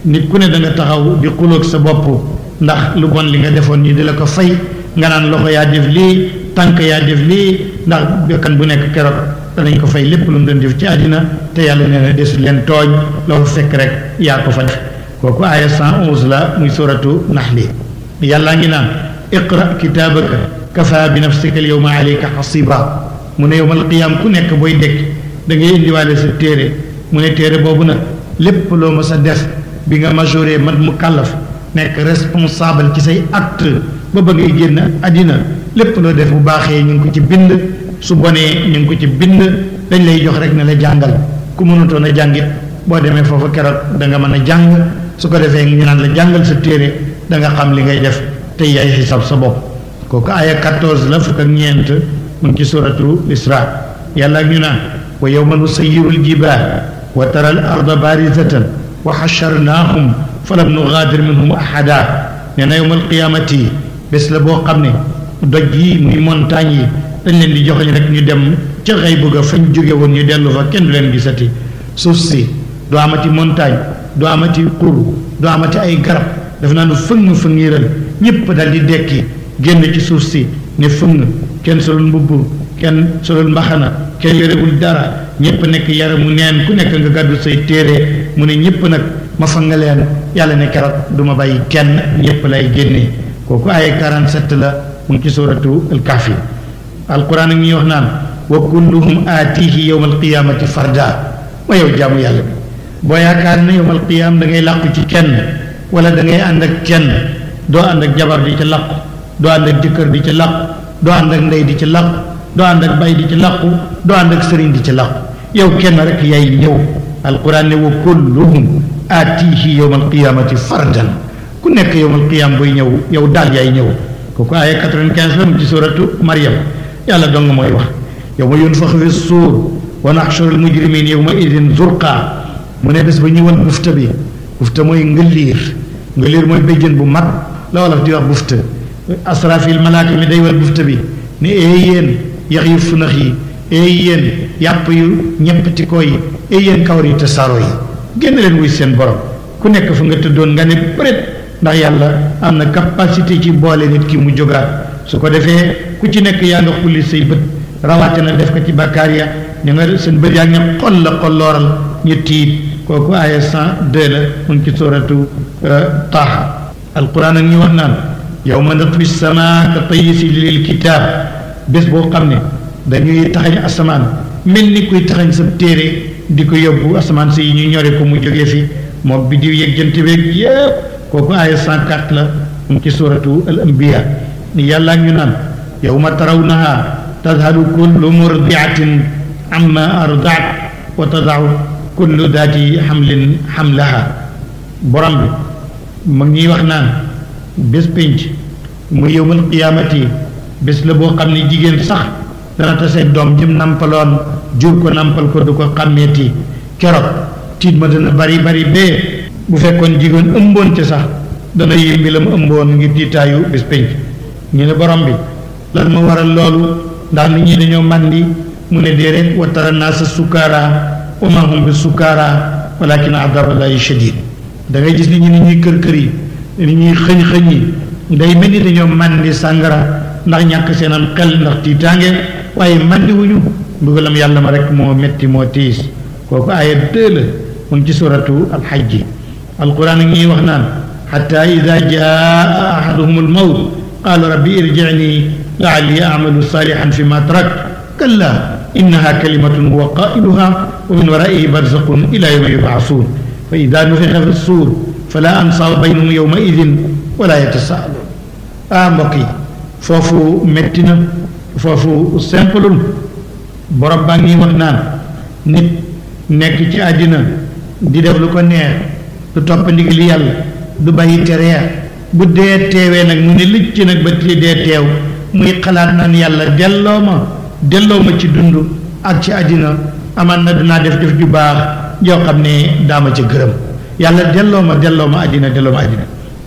nit ku ne danga taxaw di xuloog sa bopp ndax lu bon li nga defoon ñu di la ko fay nga naan loxo yaa def lii tànk yaa def lii ndax bakkan bu nekk keroog danañ ko fay lépp lu mu doon def ci àddina te yàlla nee na desul leen tooñ loo fekk rek yaa ko faj kooku aaya 111 la muy suratu naxli yàllaa ngi naan iqra kitaabaka kafa bi nafsika alyawma alayka xasiba mu ne yowmal qiyaam ku nekk booy dekk da ngay indiwaale sa téere mu ne téere boobu na lépp loo mës a def bi nga majoré mat mu kàllaf nekk responsable ci say acte ba bëgg ngay génn àddina lépp loo def bu baaxee ñu ngi ko ci bind su bonee ñu ngi ko ci bind dañ lay jox rek ne la jàngal ku mënutoon a jàngit boo demee foofu keroog da nga mën a jàng su ko defee ñu naan la jàngal sa téere da nga xam li ngay def tey yaay xisaab sa bopp kooku aaya 14 la fukk ak ñeent mu ngi ci suratu Isra yàlla ak ñu naan wa yawma nusayyiru al jibaal wa tara al arda barizatan wa xasharnaahum falam nu gaadir minhum ahada ne na yowmal qiyaamati bés la boo xam ne doj yi muy montagne yi dañ leen di joxoñ rekk ñu dem ca xëy bëgg a fañ jóge woon ñu dellu fa kenn du leen sati suuf si doo amati montagne doo amati xur doo amati ay garab dafa naa nu fëng fëng yi ren ñëpp dal di dekki génn ci suuf si ne fëng kenn solul mbubbu kenn solul mbaxana kenn yorewul dara ñëpp nekk mu neen ku nekk nga gàddu say téere mu ne ñëpp nag ma fa nga leen yàlla ne keroog du ma bàyyi kenn ñëpp lay génne kooku ay 47 la mu ngi ci suratu alkaafi alquran ak ñuy wax naan wa kulluhum aatihi yowma alqiyamati farda ma yow jaamu yàlla boo yaakaar ne yowma alqiyam ci kenn wala da ngay ànd ak kenn doo ànd jabar di ci làqu doo ànd ak jëkkër di ci làqu doo ànd ndey di ci làqu doo ànd bay di ci làqu doo ànd ak sëriñ di ci làqu yow kenn rek yaay ñëw alquran ne wa kulluhum aatihi yowmal qiyaamati fardan ku nekk yowmal qiyaam booy ñëw yow daal yaay ñëw kooku aaya 95 la mu ci suratu Maryam yàlla dong mooy wax yow ma yunfaxu fi suur wa naxshuru al mujrimin yow ma idin zurqa mu ne bés ba ñëwoon bufta bi bufta mooy ngëliir ngëliir mooy béjjën bu mag la wolof di wax bufta asrafil malaaka mi day wal bufta bi ne ee yéen yax yu funax yi yu ñepptikoo yi ee yéen kawar yu yi génn leen wuy seen borom ku nekk fa nga tëddoon nga ne bëreet ndax yàlla am na capacité ci boole nit ki mu jógaat su ko defee ku ci nekk yaa nga xulli say bët rawaate na def ko ci bàkkaar ya ñu nga seen bët yaa ngi xol la xollooral ñu tiit kooku aaya cent deux la mu ngi ci suratu euh, Taaha alquran ak ñu wax naan yawma natwi samaa ka tayyisil lil kitaab bés boo xam ne dañuy taxañ asamaan mel ni kuy taxañ sa téere di ko yóbbu asamaan si ñu ñore ko mu jógee fi moom bi diw yeeg jënt beeg yépp kooku aaya 104 la mu ci suratu al anbiya ni yàllaa ñu naan yawma tarawnaha tadhalu kullu murdiatin amma ardaat wa tadau kullu daati xamlin xamlaha borom bi mu ngi wax naan bés pénc mu yowmal qiyaamati bés la boo xam ne jigéen sax dana tase doom jëm nampaloon jur ko nampal ko du ko xàmmeeti keroog tiit ma dana bari bari bee bu fekkoon jigéen ëmboon ca sax dana yémbi la mu ëmboon ngir tiitaayu bis pénc ñu ne borom bi lan war waral loolu ndax nit ñi dañoo màndi mu ne déedéet wa tara naasa sukkaara wa maa hum bi sukkaara walakin adaballaahi shadid da ngay gis nit ñi ni ñuy kër kër yi ni ñuy xëñ xëñ yi day mel ni dañoo màndi sàngara ndax ñàkk seenam xel ndax tiitaange waaye màndi mbugalam yàlla ma rek moo métti moo tiis kooku aaya deux la mu ngi ci suratu alxajji alquran ak ñuy wax naan xata ida jaa ahaduhum almawt qaala rabbi irjicni laalli amalu salihan fi ma tarak kalla innaha kalimatun huwa qailuha wa min waraihi barzaqun ila yawmi yubcasuun fa ida nufixa fi suur fala ansaaba baynahum yawma idin wala yatasaaluun ah mbokk yi foofu métti na foofu simplul borom baa ngi wax naan nit nekk ci àddina di def lu ko neex du topp lu yàlla du bàyyi tereex bu dee teewee nag mu ne lëcc nag ba ti dee teew muy xalaat naan yàlla delloo ma delloo ma ci dund ak ci àddina amaan na danaa def def ju baax yoo xam ne daama ci gërëm yàlla delloo ma delloo ma àddina delloo ma àddina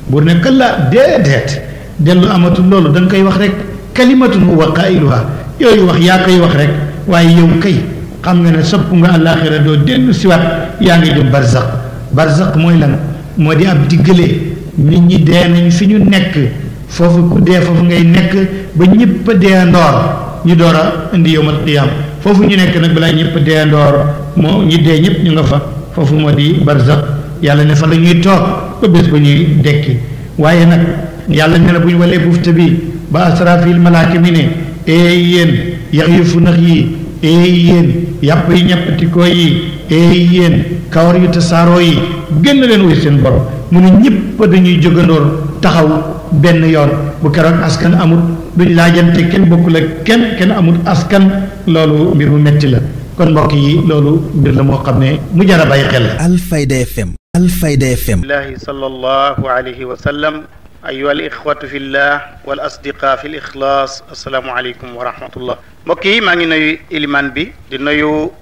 bu ne kalla déedéet dellu amatul loolu da koy wax rek kalimatun huwa qailuha yooyu wax yaa koy wax rek waaye yow këy xam nga ne sopp nga àllaaxira doo dellu siwaat yaa ngi jëm barzaq barzaq mooy lan moo di ab diggalee nit ñi dee nañ fi ñu nekk foofu ku dee foofu ngay nekk ba ñëpp a ñu door a indi yowmal qiyaam foofu ñu nekk nag balaa ñëpp dee moo ñi dee ñëpp ñu nga fa foofu moo di barzaq yàlla ne fa la ñuy toog ba bés ba ñuy dekki waaye nag yàlla ne la bu ñu walee bufta bi ba asraafil malaaka mi yax yu funax yi eey yàpp yi ñappatikoo yi eey yéen kawar yu tasaaroo yi génn leen wuy seen borom mu ne ñëpp dañuy jógandoor taxaw benn yoon bu keroog askan amul duñ laajante kenn bokkul ak kenn kenn amul askan loolu mbir mu metti la kon mbokk yi loolu mbir la moo xam ne mu jar a bàyyi xel la. FM. Alfayda FM. Alaahi sallallahu alayhi ayuha al ixwatu fillah wal asdiqa fi l ixlaas asalaamualeykum wa rahmatullah mbokk yi maa ngi nuyu iliman bi di nuyu